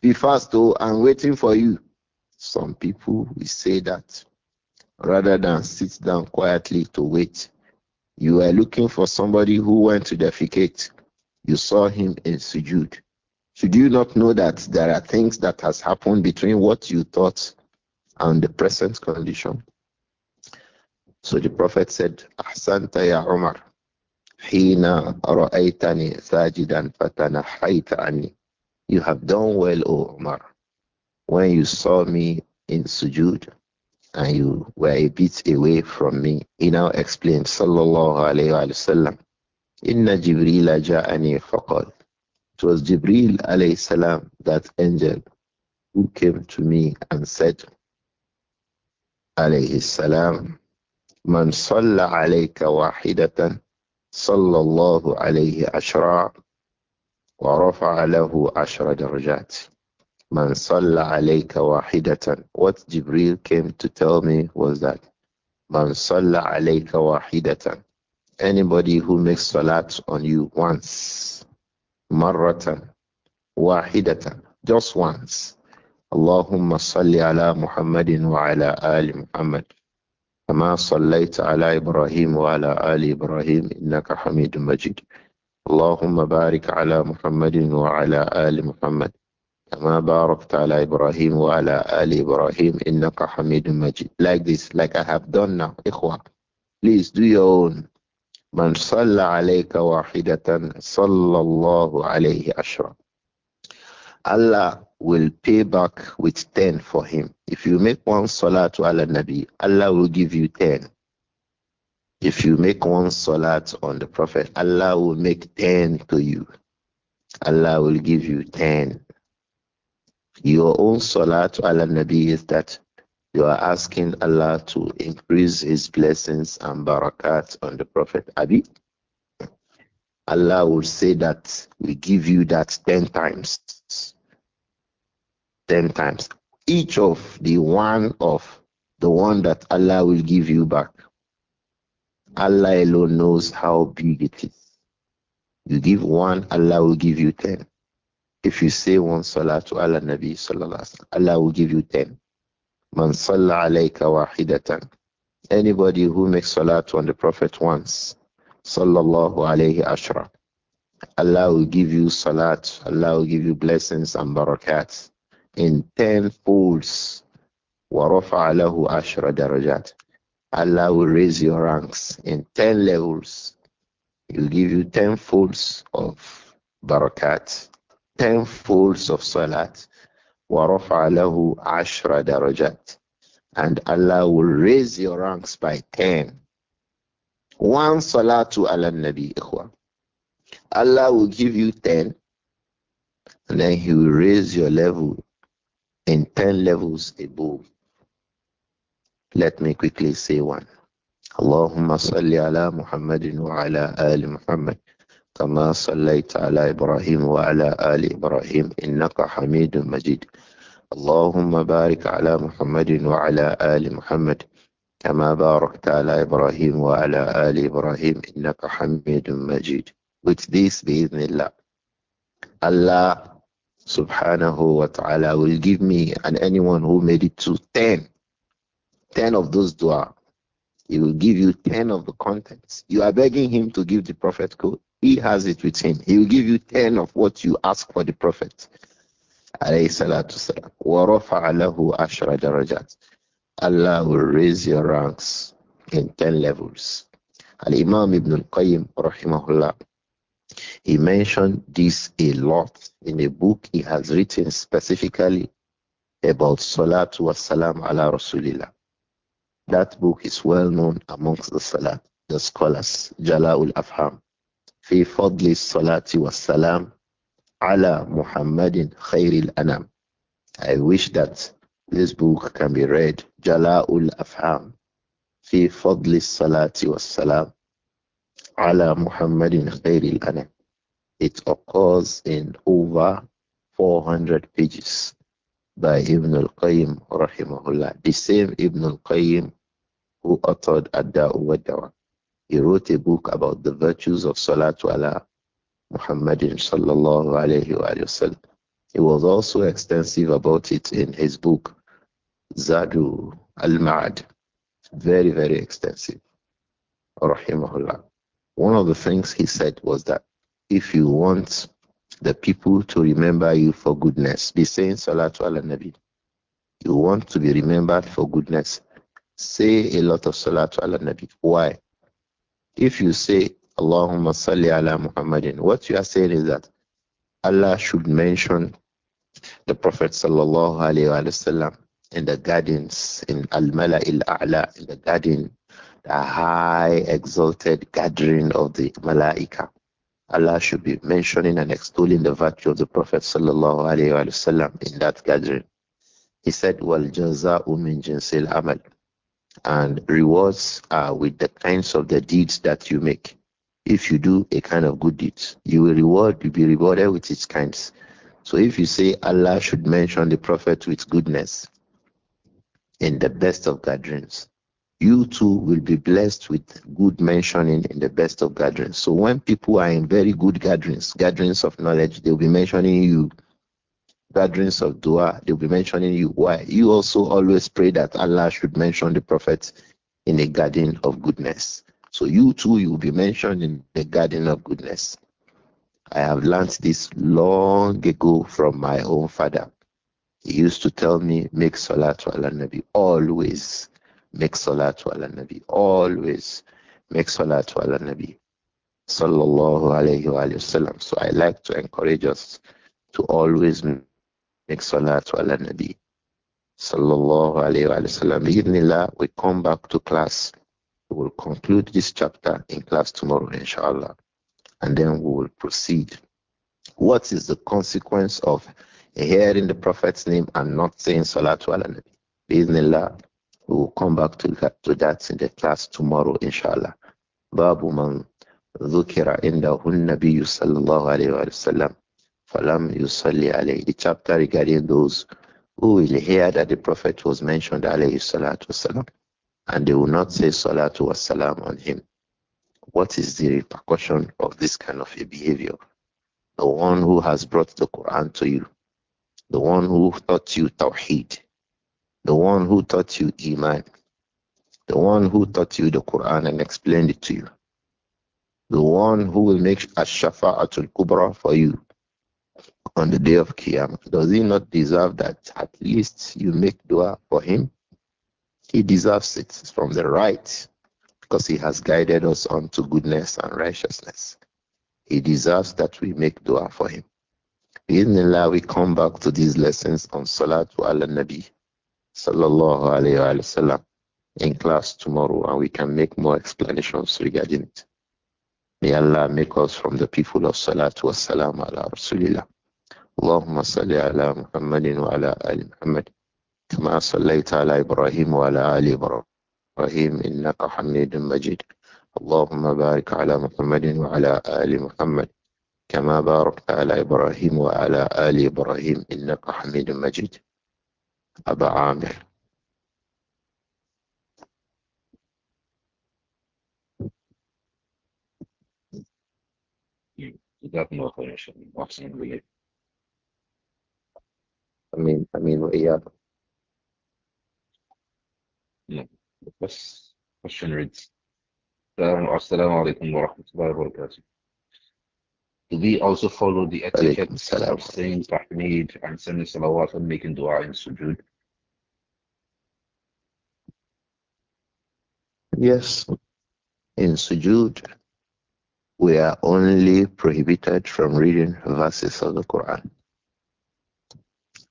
be fast, oh, I'm waiting for you. Some people will say that rather than sit down quietly to wait. You are looking for somebody who went to defecate you saw him in sujud. Should you not know that there are things that has happened between what you thought and the present condition? So the Prophet said, Ahsanta ya Umar, Hina ra'aytani sajidan fatanahayta ani. You have done well, O Umar. When you saw me in sujud and you were a bit away from me, he now explained, Sallallahu alayhi Wasallam, إن جبريل جاءني فقط It was Jibreel alayhi salam, that angel, who came to me and said, alayhi salam, man salla alayka wahidatan, sallallahu alayhi ashra, wa rafa'a lahu ashra درجات Man salla alayka wahidatan. What Jibreel came to tell me was that, man salla alayka wahidatan. anybody who makes salat on you once, marratan, wahidatan, just once. Allahumma salli ala Muhammadin wa ala ali Muhammad. كما صليت على إبراهيم وعلى آل إبراهيم إنك حميد مجيد اللهم بارك على محمد وعلى آل محمد كما باركت على إبراهيم وعلى آل إبراهيم إنك حميد مجيد like this like I have done now إخوة please do your own من صلى عليك واحدة صلى الله عليه أشرا Allah will pay back with 10 for him. If you make one salah to Allah Nabi, Allah will give you 10. If you make one salah on the Prophet, Allah will make 10 to you. Allah will give you 10. Your own salah to Allah Nabi is that you are asking Allah to increase His blessings and barakat on the Prophet Abi. Allah will say that we give you that 10 times. 10 times. Each of the one of the one that Allah will give you back. Allah alone knows how big it is. You give one, Allah will give you 10. If you say one salah to Allah Nabi, Allah will give you 10. Man salla alayka wahidatan. Anybody who makes salat on the Prophet once, sallallahu alayhi ashra. Allah will give you salat, Allah will give you blessings and barakat in ten folds. وَرَفَعَ لَهُ أَشْرَ darajat. Allah will raise your ranks in ten levels. He will give you ten folds of barakat, ten folds of salat, وَرَفَعَ لَهُ عَشْرَ darajat. And Allah will raise your ranks by 10. One salatu ala nabi ikhwa. Allah will give you 10 and then he will raise your level in 10 levels above. Let me quickly say one. اللهم صل على محمد وعلى آل محمد كما صليت على إبراهيم وعلى آل إبراهيم إنك حميد مجيد اللهم بارك على محمد وعلى آل محمد كما باركت على إبراهيم وعلى آل إبراهيم إنك حميد مجيد With this بإذن الله Allah subhanahu wa ta'ala will give me and anyone who made it to 10 10 of those dua he will give you 10 of the contents you are begging him to give the prophet code he has it with him. He will give you 10 of what you ask for the Prophet. Allah will raise your ranks in 10 levels. Al Imam Ibn Al Qayyim, rahimahullah, he mentioned this a lot in a book he has written specifically about Salatu wa Salam ala Rasulillah. That book is well known amongst the Salat, the scholars, Jala'ul Afham. في فضل الصلاة والسلام على محمد khairil anam. I wish that this book can be read. جلاء الأفهام في فضل الصلاة والسلام على محمد Muhammadin khairil It occurs in over 400 pages by Ibn al-Qayyim rahimahullah. The same Ibn al-Qayyim who uttered Ad-Da'u wa He wrote a book about the virtues of Salatu ala Muhammadin sallallahu alayhi wa sallam. He was also extensive about it in his book Zadu al-Ma'ad. Very, very extensive. Rahimahullah. One of the things he said was that if you want the people to remember you for goodness, be saying Salatu ala Nabi. You want to be remembered for goodness. Say a lot of Salatu ala Nabi. Why? If you say, Allahumma salli ala Muhammadin, what you are saying is that Allah should mention the Prophet sallallahu alayhi wasallam in the gardens in Al malail al A'la, in the garden, the high exalted gathering of the Malaika. Allah should be mentioning and extolling the virtue of the Prophet sallallahu alayhi wasallam in that gathering. He said, "Wal jaza'u min jinsil amal." and rewards are with the kinds of the deeds that you make. If you do a kind of good deeds, you will reward, you be rewarded with its kinds. So if you say Allah should mention the Prophet with goodness in the best of gatherings, you too will be blessed with good mentioning in the best of gatherings. So when people are in very good gatherings, gatherings of knowledge, they'll be mentioning you gatherings of dua, they'll be mentioning you. Why? You also always pray that Allah should mention the Prophet in the garden of goodness. So you too, you'll be mentioned in the garden of goodness. I have learned this long ago from my own father. He used to tell me, make salah to Allah Nabi, always make salah to Allah Nabi, always make salah to Allah Nabi. Sallallahu alayhi wa, sallam. So I like to encourage us to always make salatu ala nabi. Sallallahu alayhi wa sallam. we come back to class. We will conclude this chapter in class tomorrow, inshallah. And then we will proceed. What is the consequence of hearing the Prophet's name and not saying salatu ala nabi? Bismillah. we will come back to that, to that in the class tomorrow, inshallah. Babu man ذكر عنده النبي صلى الله عليه وسلم Falam alayhi, the chapter regarding those who will hear that the Prophet was mentioned alayhi salatu wasalam, and they will not say salatu wasalam on him. What is the repercussion of this kind of a behavior? The one who has brought the Quran to you, the one who taught you Tawheed, the one who taught you Iman, the one who taught you the Quran and explained it to you, the one who will make a shafa'atul kubra for you, on the day of Qiyamah. Does he not deserve that at least you make dua for him? He deserves it from the right because he has guided us unto goodness and righteousness. He deserves that we make dua for him. Bismillah, we come back to these lessons on Salatu ala Nabi sallallahu alayhi wa, alayhi wa sallam, in class tomorrow and we can make more explanations regarding it. May Allah make us from the people of Salatu wa Salam ala Rasulillah. اللهم صل على محمد وعلى آل محمد كما صليت على إبراهيم وعلى آل إبراهيم إنك حميد مجيد اللهم بارك على محمد وعلى آل محمد كما باركت على إبراهيم وعلى آل إبراهيم إنك حميد مجيد أبا عامر جزاكم الله خيرا محسن بجد I I mean, امين yeah. واياكم بس question reads Assalamu alaikum wa rahmatullahi wa barakatuh. Do we also follow the etiquette of saying tahmid and sending salawat and making dua in sujood? Yes. In sujood, we are only prohibited from reading verses of the Quran.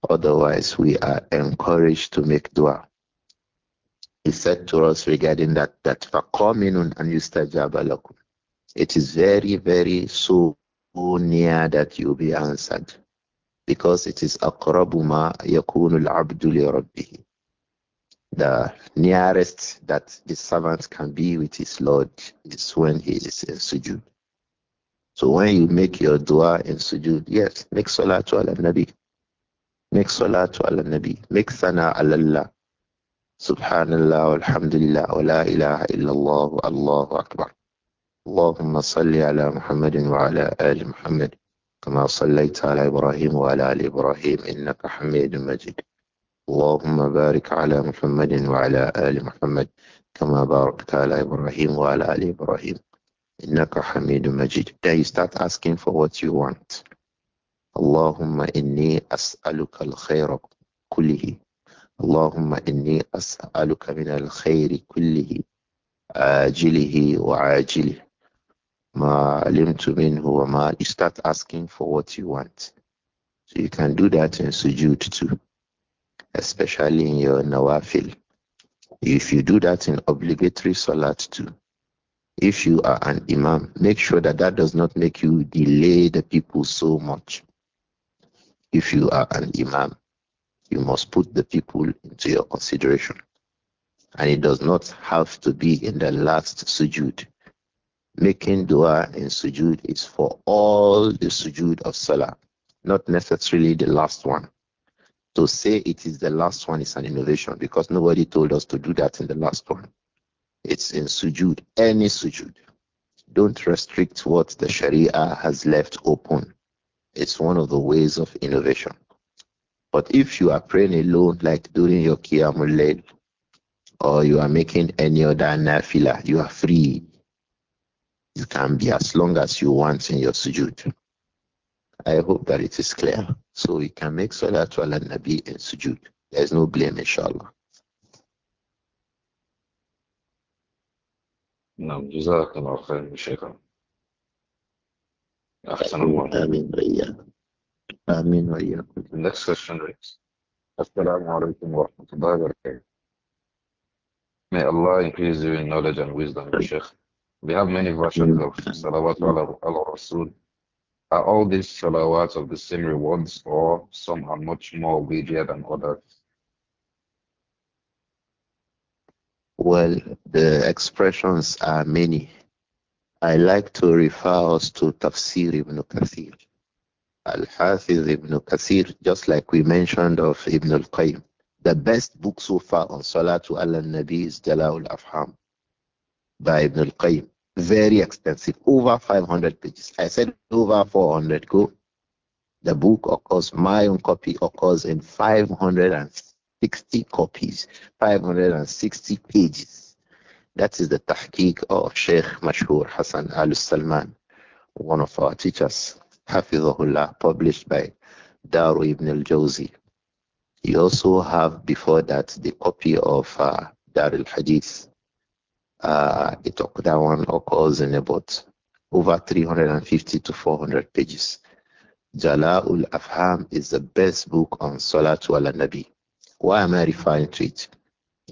Otherwise, we are encouraged to make dua. He said to us regarding that that faqaminun an yustajaba lakum. It is very, very so near that you'll be answered. Because it is aqrabu ma yakunu al-abdu The nearest that the servant can be with his Lord is when he is in sujood. So when you make your dua in sujood, yes, make salah to Allah nabi Make salatu ala nabi. Make sana ala Allah. Subhanallah, alhamdulillah, wa la ilaha illallah, Allahu akbar. اللهم صل على محمد وعلى آل محمد كما صليت على إبراهيم وعلى آل إبراهيم إنك حميد مجيد اللهم بارك على محمد وعلى آل محمد كما باركت على إبراهيم وعلى آل إبراهيم إنك حميد مجيد Then you start asking for what you want. اللهم إني أسألك الخير كله اللهم إني أسألك من الخير كله آجله وعاجله ما علمت منه وما you start asking for what you want so you can do that in sujood too especially in your nawafil if you do that in obligatory salat too if you are an imam make sure that that does not make you delay the people so much if you are an imam, you must put the people into your consideration. And it does not have to be in the last sujud. Making dua in sujud is for all the sujud of salah, not necessarily the last one. To say it is the last one is an innovation because nobody told us to do that in the last one. It's in sujud, any sujud. Don't restrict what the Sharia has left open. It's one of the ways of innovation. But if you are praying alone, like during your Qiyamul Layl, or you are making any other nafila, you are free. You can be as long as you want in your sujood. I hope that it is clear. So we can make salat to Allah Nabi in sujood. There is no blame, inshallah. نعم جزاكم الله خير أحسن الله آمين وإياكم آمين Next question reads Assalamu alaikum wa rahmatullahi wa May Allah increase you in knowledge and wisdom, Sheikh. We have many versions of Salawat al ala Rasul. Are all these salawats of the same rewards, or some are much more weightier than others? Well, the expressions are many. I like to refer us to Tafsir ibn Kathir. Al-Hafiz ibn Kathir, just like we mentioned of Ibn al-Qayyim. The best book so far on Salatu ala nabi is Jala'ul Afham by Ibn al-Qayyim. Very extensive, over 500 pages. I said over 400, go. The book occurs, my own copy occurs in 560 copies, 560 pages that is the tahqiq of Sheikh Mashhur Hassan Al Salman, one of our teachers, Hafizahullah, published by Daru ibn al Jawzi. You also have before that the copy of uh, Dar al Hadith. Uh, it, that one occurs in about over 350 to 400 pages. Jala'ul Afham is the best book on Salatu ala Nabi. Why am I referring to it?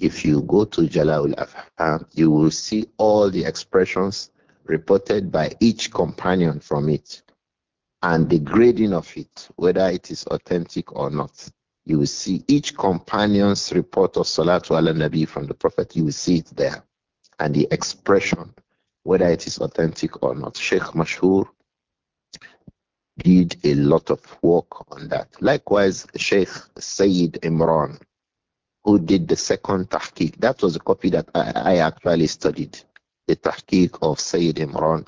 If you go to Jala'ul Afham, you will see all the expressions reported by each companion from it and the grading of it, whether it is authentic or not. You will see each companion's report of Salatu ala Nabi from the Prophet, you will see it there. And the expression, whether it is authentic or not. Sheikh Mashhur did a lot of work on that. Likewise, Sheikh Sayyid Imran who did the second tahqiq. That was a copy that I, I actually studied, the tahqiq of Sayyid Imran,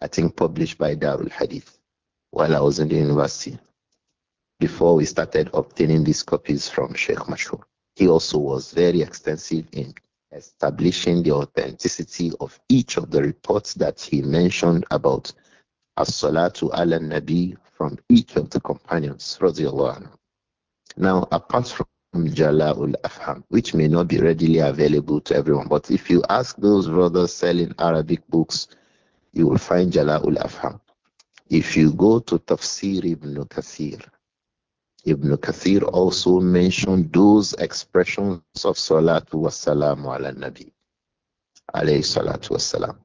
I think published by Darul Hadith while I was in the university. Before we started obtaining these copies from Sheikh Mashur, he also was very extensive in establishing the authenticity of each of the reports that he mentioned about as-salatu ala nabi from each of the companions. Now, apart from Jala'ul Afham, which may not be readily available to everyone. But if you ask those brothers selling Arabic books, you will find Jala'ul Afham. If you go to Tafsir ibn Kathir, Ibn Kathir also mentioned those expressions of Salatu wassalamu ala Nabi. Alayhi salatu wassalam.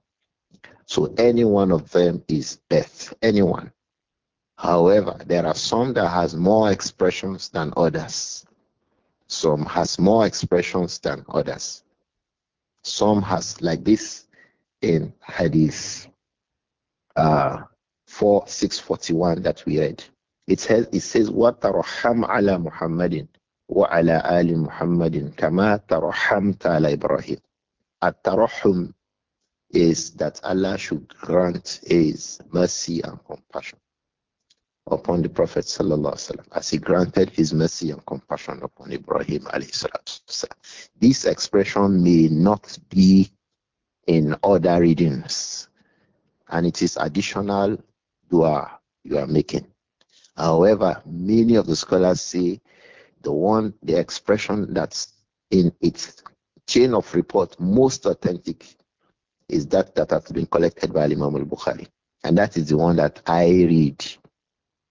So any one of them is death. Anyone. However, there are some that has more expressions than others. Some has more expressions than others. Some has like this in Hadith uh, 4, 641 that we read. It says, it says, وترحم Muhammadin wa Ala Ali Muhammadin kama كَمَا Ala Ibrahim." إِبْرَاهِيمَ At-tarahum is that Allah should grant His mercy and compassion upon the Prophet as he granted his mercy and compassion upon Ibrahim. This expression may not be in other readings, and it is additional dua you are making. However, many of the scholars say the one, the expression that's in its chain of report most authentic is that that has been collected by Imam al-Bukhari. And that is the one that I read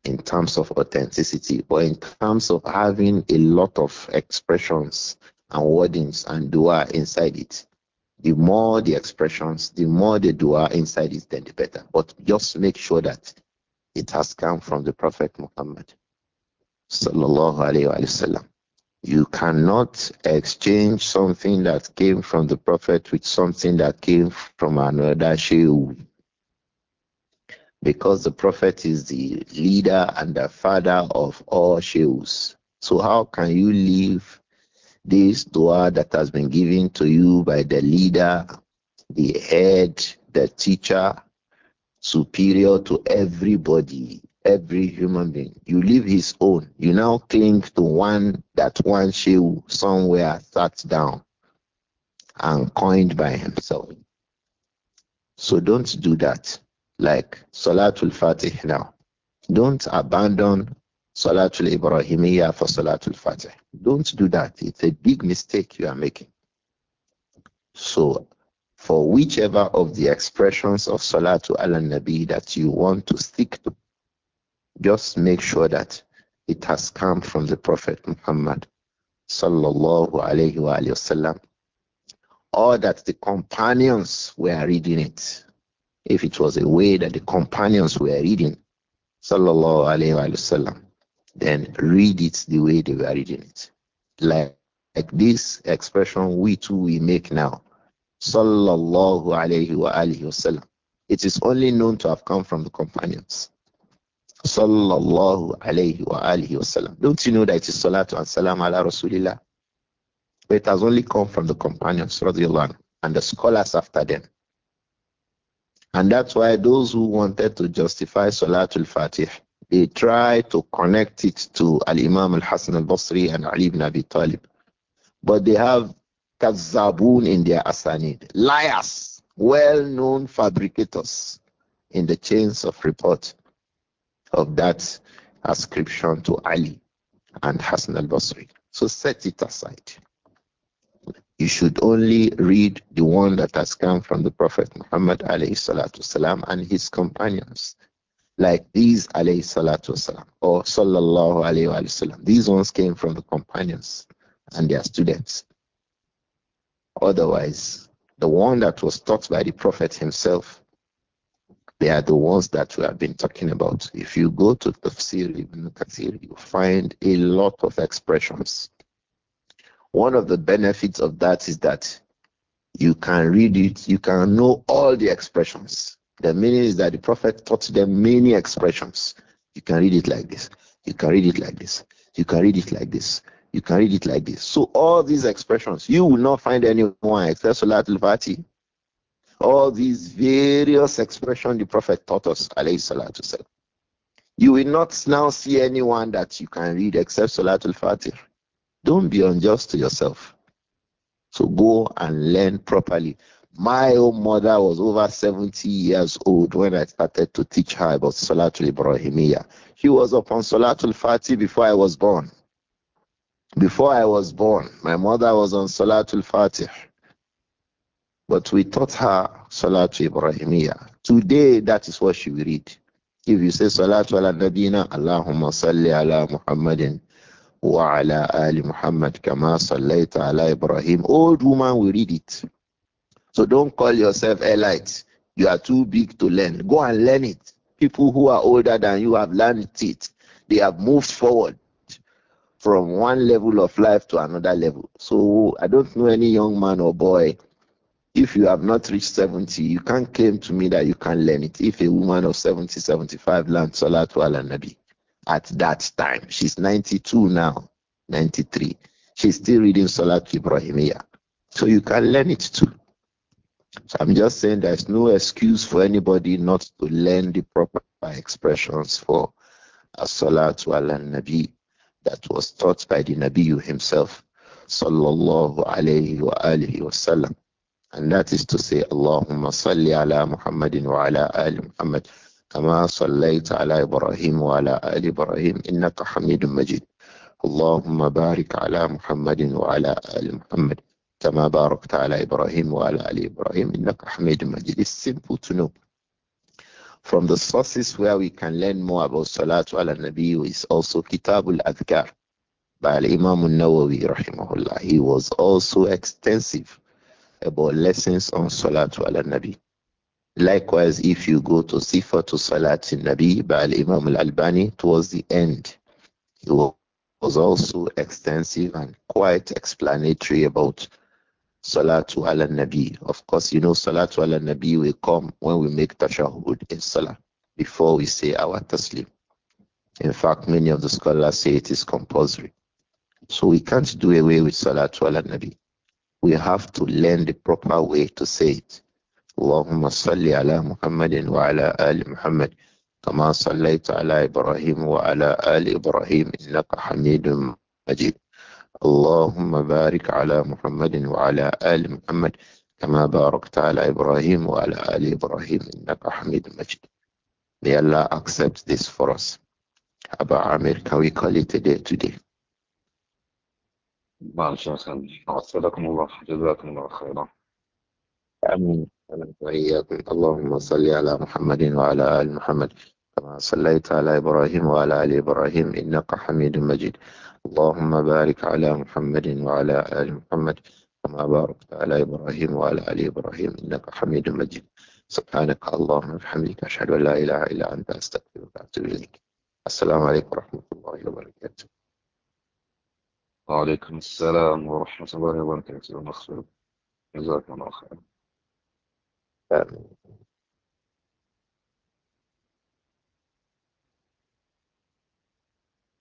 in terms of authenticity, but in terms of having a lot of expressions and wordings and dua inside it, the more the expressions, the more the dua inside it, then the better. But just make sure that it has come from the Prophet Muhammad. Sallallahu Alaihi Wasallam. You cannot exchange something that came from the Prophet with something that came from another Shaykh because the Prophet is the leader and the father of all shields. So, how can you leave this dua that has been given to you by the leader, the head, the teacher, superior to everybody, every human being? You leave his own. You now cling to one that one shield somewhere sat down and coined by himself. So, don't do that like Salatul Fatih now. Don't abandon Salatul Ibrahimiyya for Salatul Fatih. Don't do that. It's a big mistake you are making. So, for whichever of the expressions of Salatul ala Nabi that you want to stick to, just make sure that it has come from the Prophet Muhammad sallallahu alayhi wa, alayhi wa sallam, or that the companions were reading it if it was a way that the companions were reading, sallallahu alayhi wa sallam, then read it the way they were reading it. Like, like this expression we too we make now, sallallahu alayhi wa alayhi wa sallam. It is only known to have come from the companions. Sallallahu alayhi wa alayhi wa sallam. Don't you know that it is salatu and salam ala rasulillah? But it has only come from the companions, radiallahu and the scholars after them. And that's why those who wanted to justify Salatul Fatih, they tried to connect it to Al Imam Al Hassan Al Basri and Ali ibn Abi Talib. But they have Kazabun in their asanid, liars, well known fabricators in the chains of report of that ascription to Ali and Hassan al Basri. So set it aside you should only read the one that has come from the Prophet Muhammad والسلام, and his companions, like these والسلام, or Sallallahu Alaihi Wasallam. These ones came from the companions and their students. Otherwise, the one that was taught by the Prophet himself, they are the ones that we have been talking about. If you go to Tafsir Ibn Kathir, you find a lot of expressions one of the benefits of that is that you can read it, you can know all the expressions. The meaning is that the Prophet taught them many expressions. You can read it like this, you can read it like this, you can read it like this, you can read it like this. So all these expressions, you will not find anyone except Salat al All these various expressions the Prophet taught us, alayhi salatu salam. You will not now see anyone that you can read except Salat al-Fatih. Don't be unjust to yourself. So go and learn properly. My own mother was over 70 years old when I started to teach her about Salatul Ibrahimiya. She was upon Salatul Fati before I was born. Before I was born, my mother was on Salatul Fatih. But we taught her Salatul Ibrahimiya. Today, that is what she will read. If you say Salatul ala Nabina, Allahumma salli ala Muhammadin, وعلى آل Muhammad كما صليت على إبراهيم old woman will read it so don't call yourself elite you are too big to learn go and learn it people who are older than you have learned it they have moved forward from one level of life to another level so I don't know any young man or boy if you have not reached 70 you can't claim to me that you can learn it if a woman of 70 75 learns Salatul Ala Nabi at that time. She's 92 now, 93. She's still reading Salat Ibrahimiya. So you can learn it too. So I'm just saying there's no excuse for anybody not to learn the proper expressions for as-salatu ala nabi that was taught by the Nabi himself sallallahu alayhi wa alihi wasallam. And that is to say, Allahumma salli ala Muhammadin wa ala ali Muhammad. كما صليت على إبراهيم وعلى آل إبراهيم إنك حميد مجيد اللهم بارك على محمد وعلى آل محمد كما باركت على إبراهيم وعلى آل إبراهيم إنك حميد مجيد It's simple to know From the sources where we can learn more about Salatu ala Nabi is also Kitabul Adhkar by Imam al-Nawawi rahimahullah. He was also extensive about lessons on Salatu ala Nabi. Likewise, if you go to Sifatu Salat Nabi by Imam Al Albani towards the end, it was also extensive and quite explanatory about Salatu al Nabi. Of course, you know Salatu al Nabi will come when we make tashahud in Salah before we say our taslim. In fact, many of the scholars say it is compulsory. So we can't do away with Salatu al Nabi. We have to learn the proper way to say it. اللهم صل على محمد وعلى آل محمد كما صليت على إبراهيم وعلى آل إبراهيم إنك حميد مجيد اللهم بارك على محمد وعلى آل محمد كما باركت على إبراهيم وعلى آل إبراهيم إنك حميد مجيد May Allah accept this for us. Abba Amir, can we call it a day today? بارك وإياكم اللهم صل على محمد وعلى آل محمد كما صليت على إبراهيم وعلى آل إبراهيم إنك حميد مجيد اللهم بارك على محمد وعلى آل محمد كما باركت على إبراهيم وعلى آل إبراهيم إنك حميد مجيد سبحانك اللهم وبحمدك أشهد أن لا إله إلا أنت أستغفرك وأتوب إليك السلام عليكم ورحمة الله وبركاته وعليكم السلام ورحمة الله وبركاته مخصوص جزاكم الله خيرا um,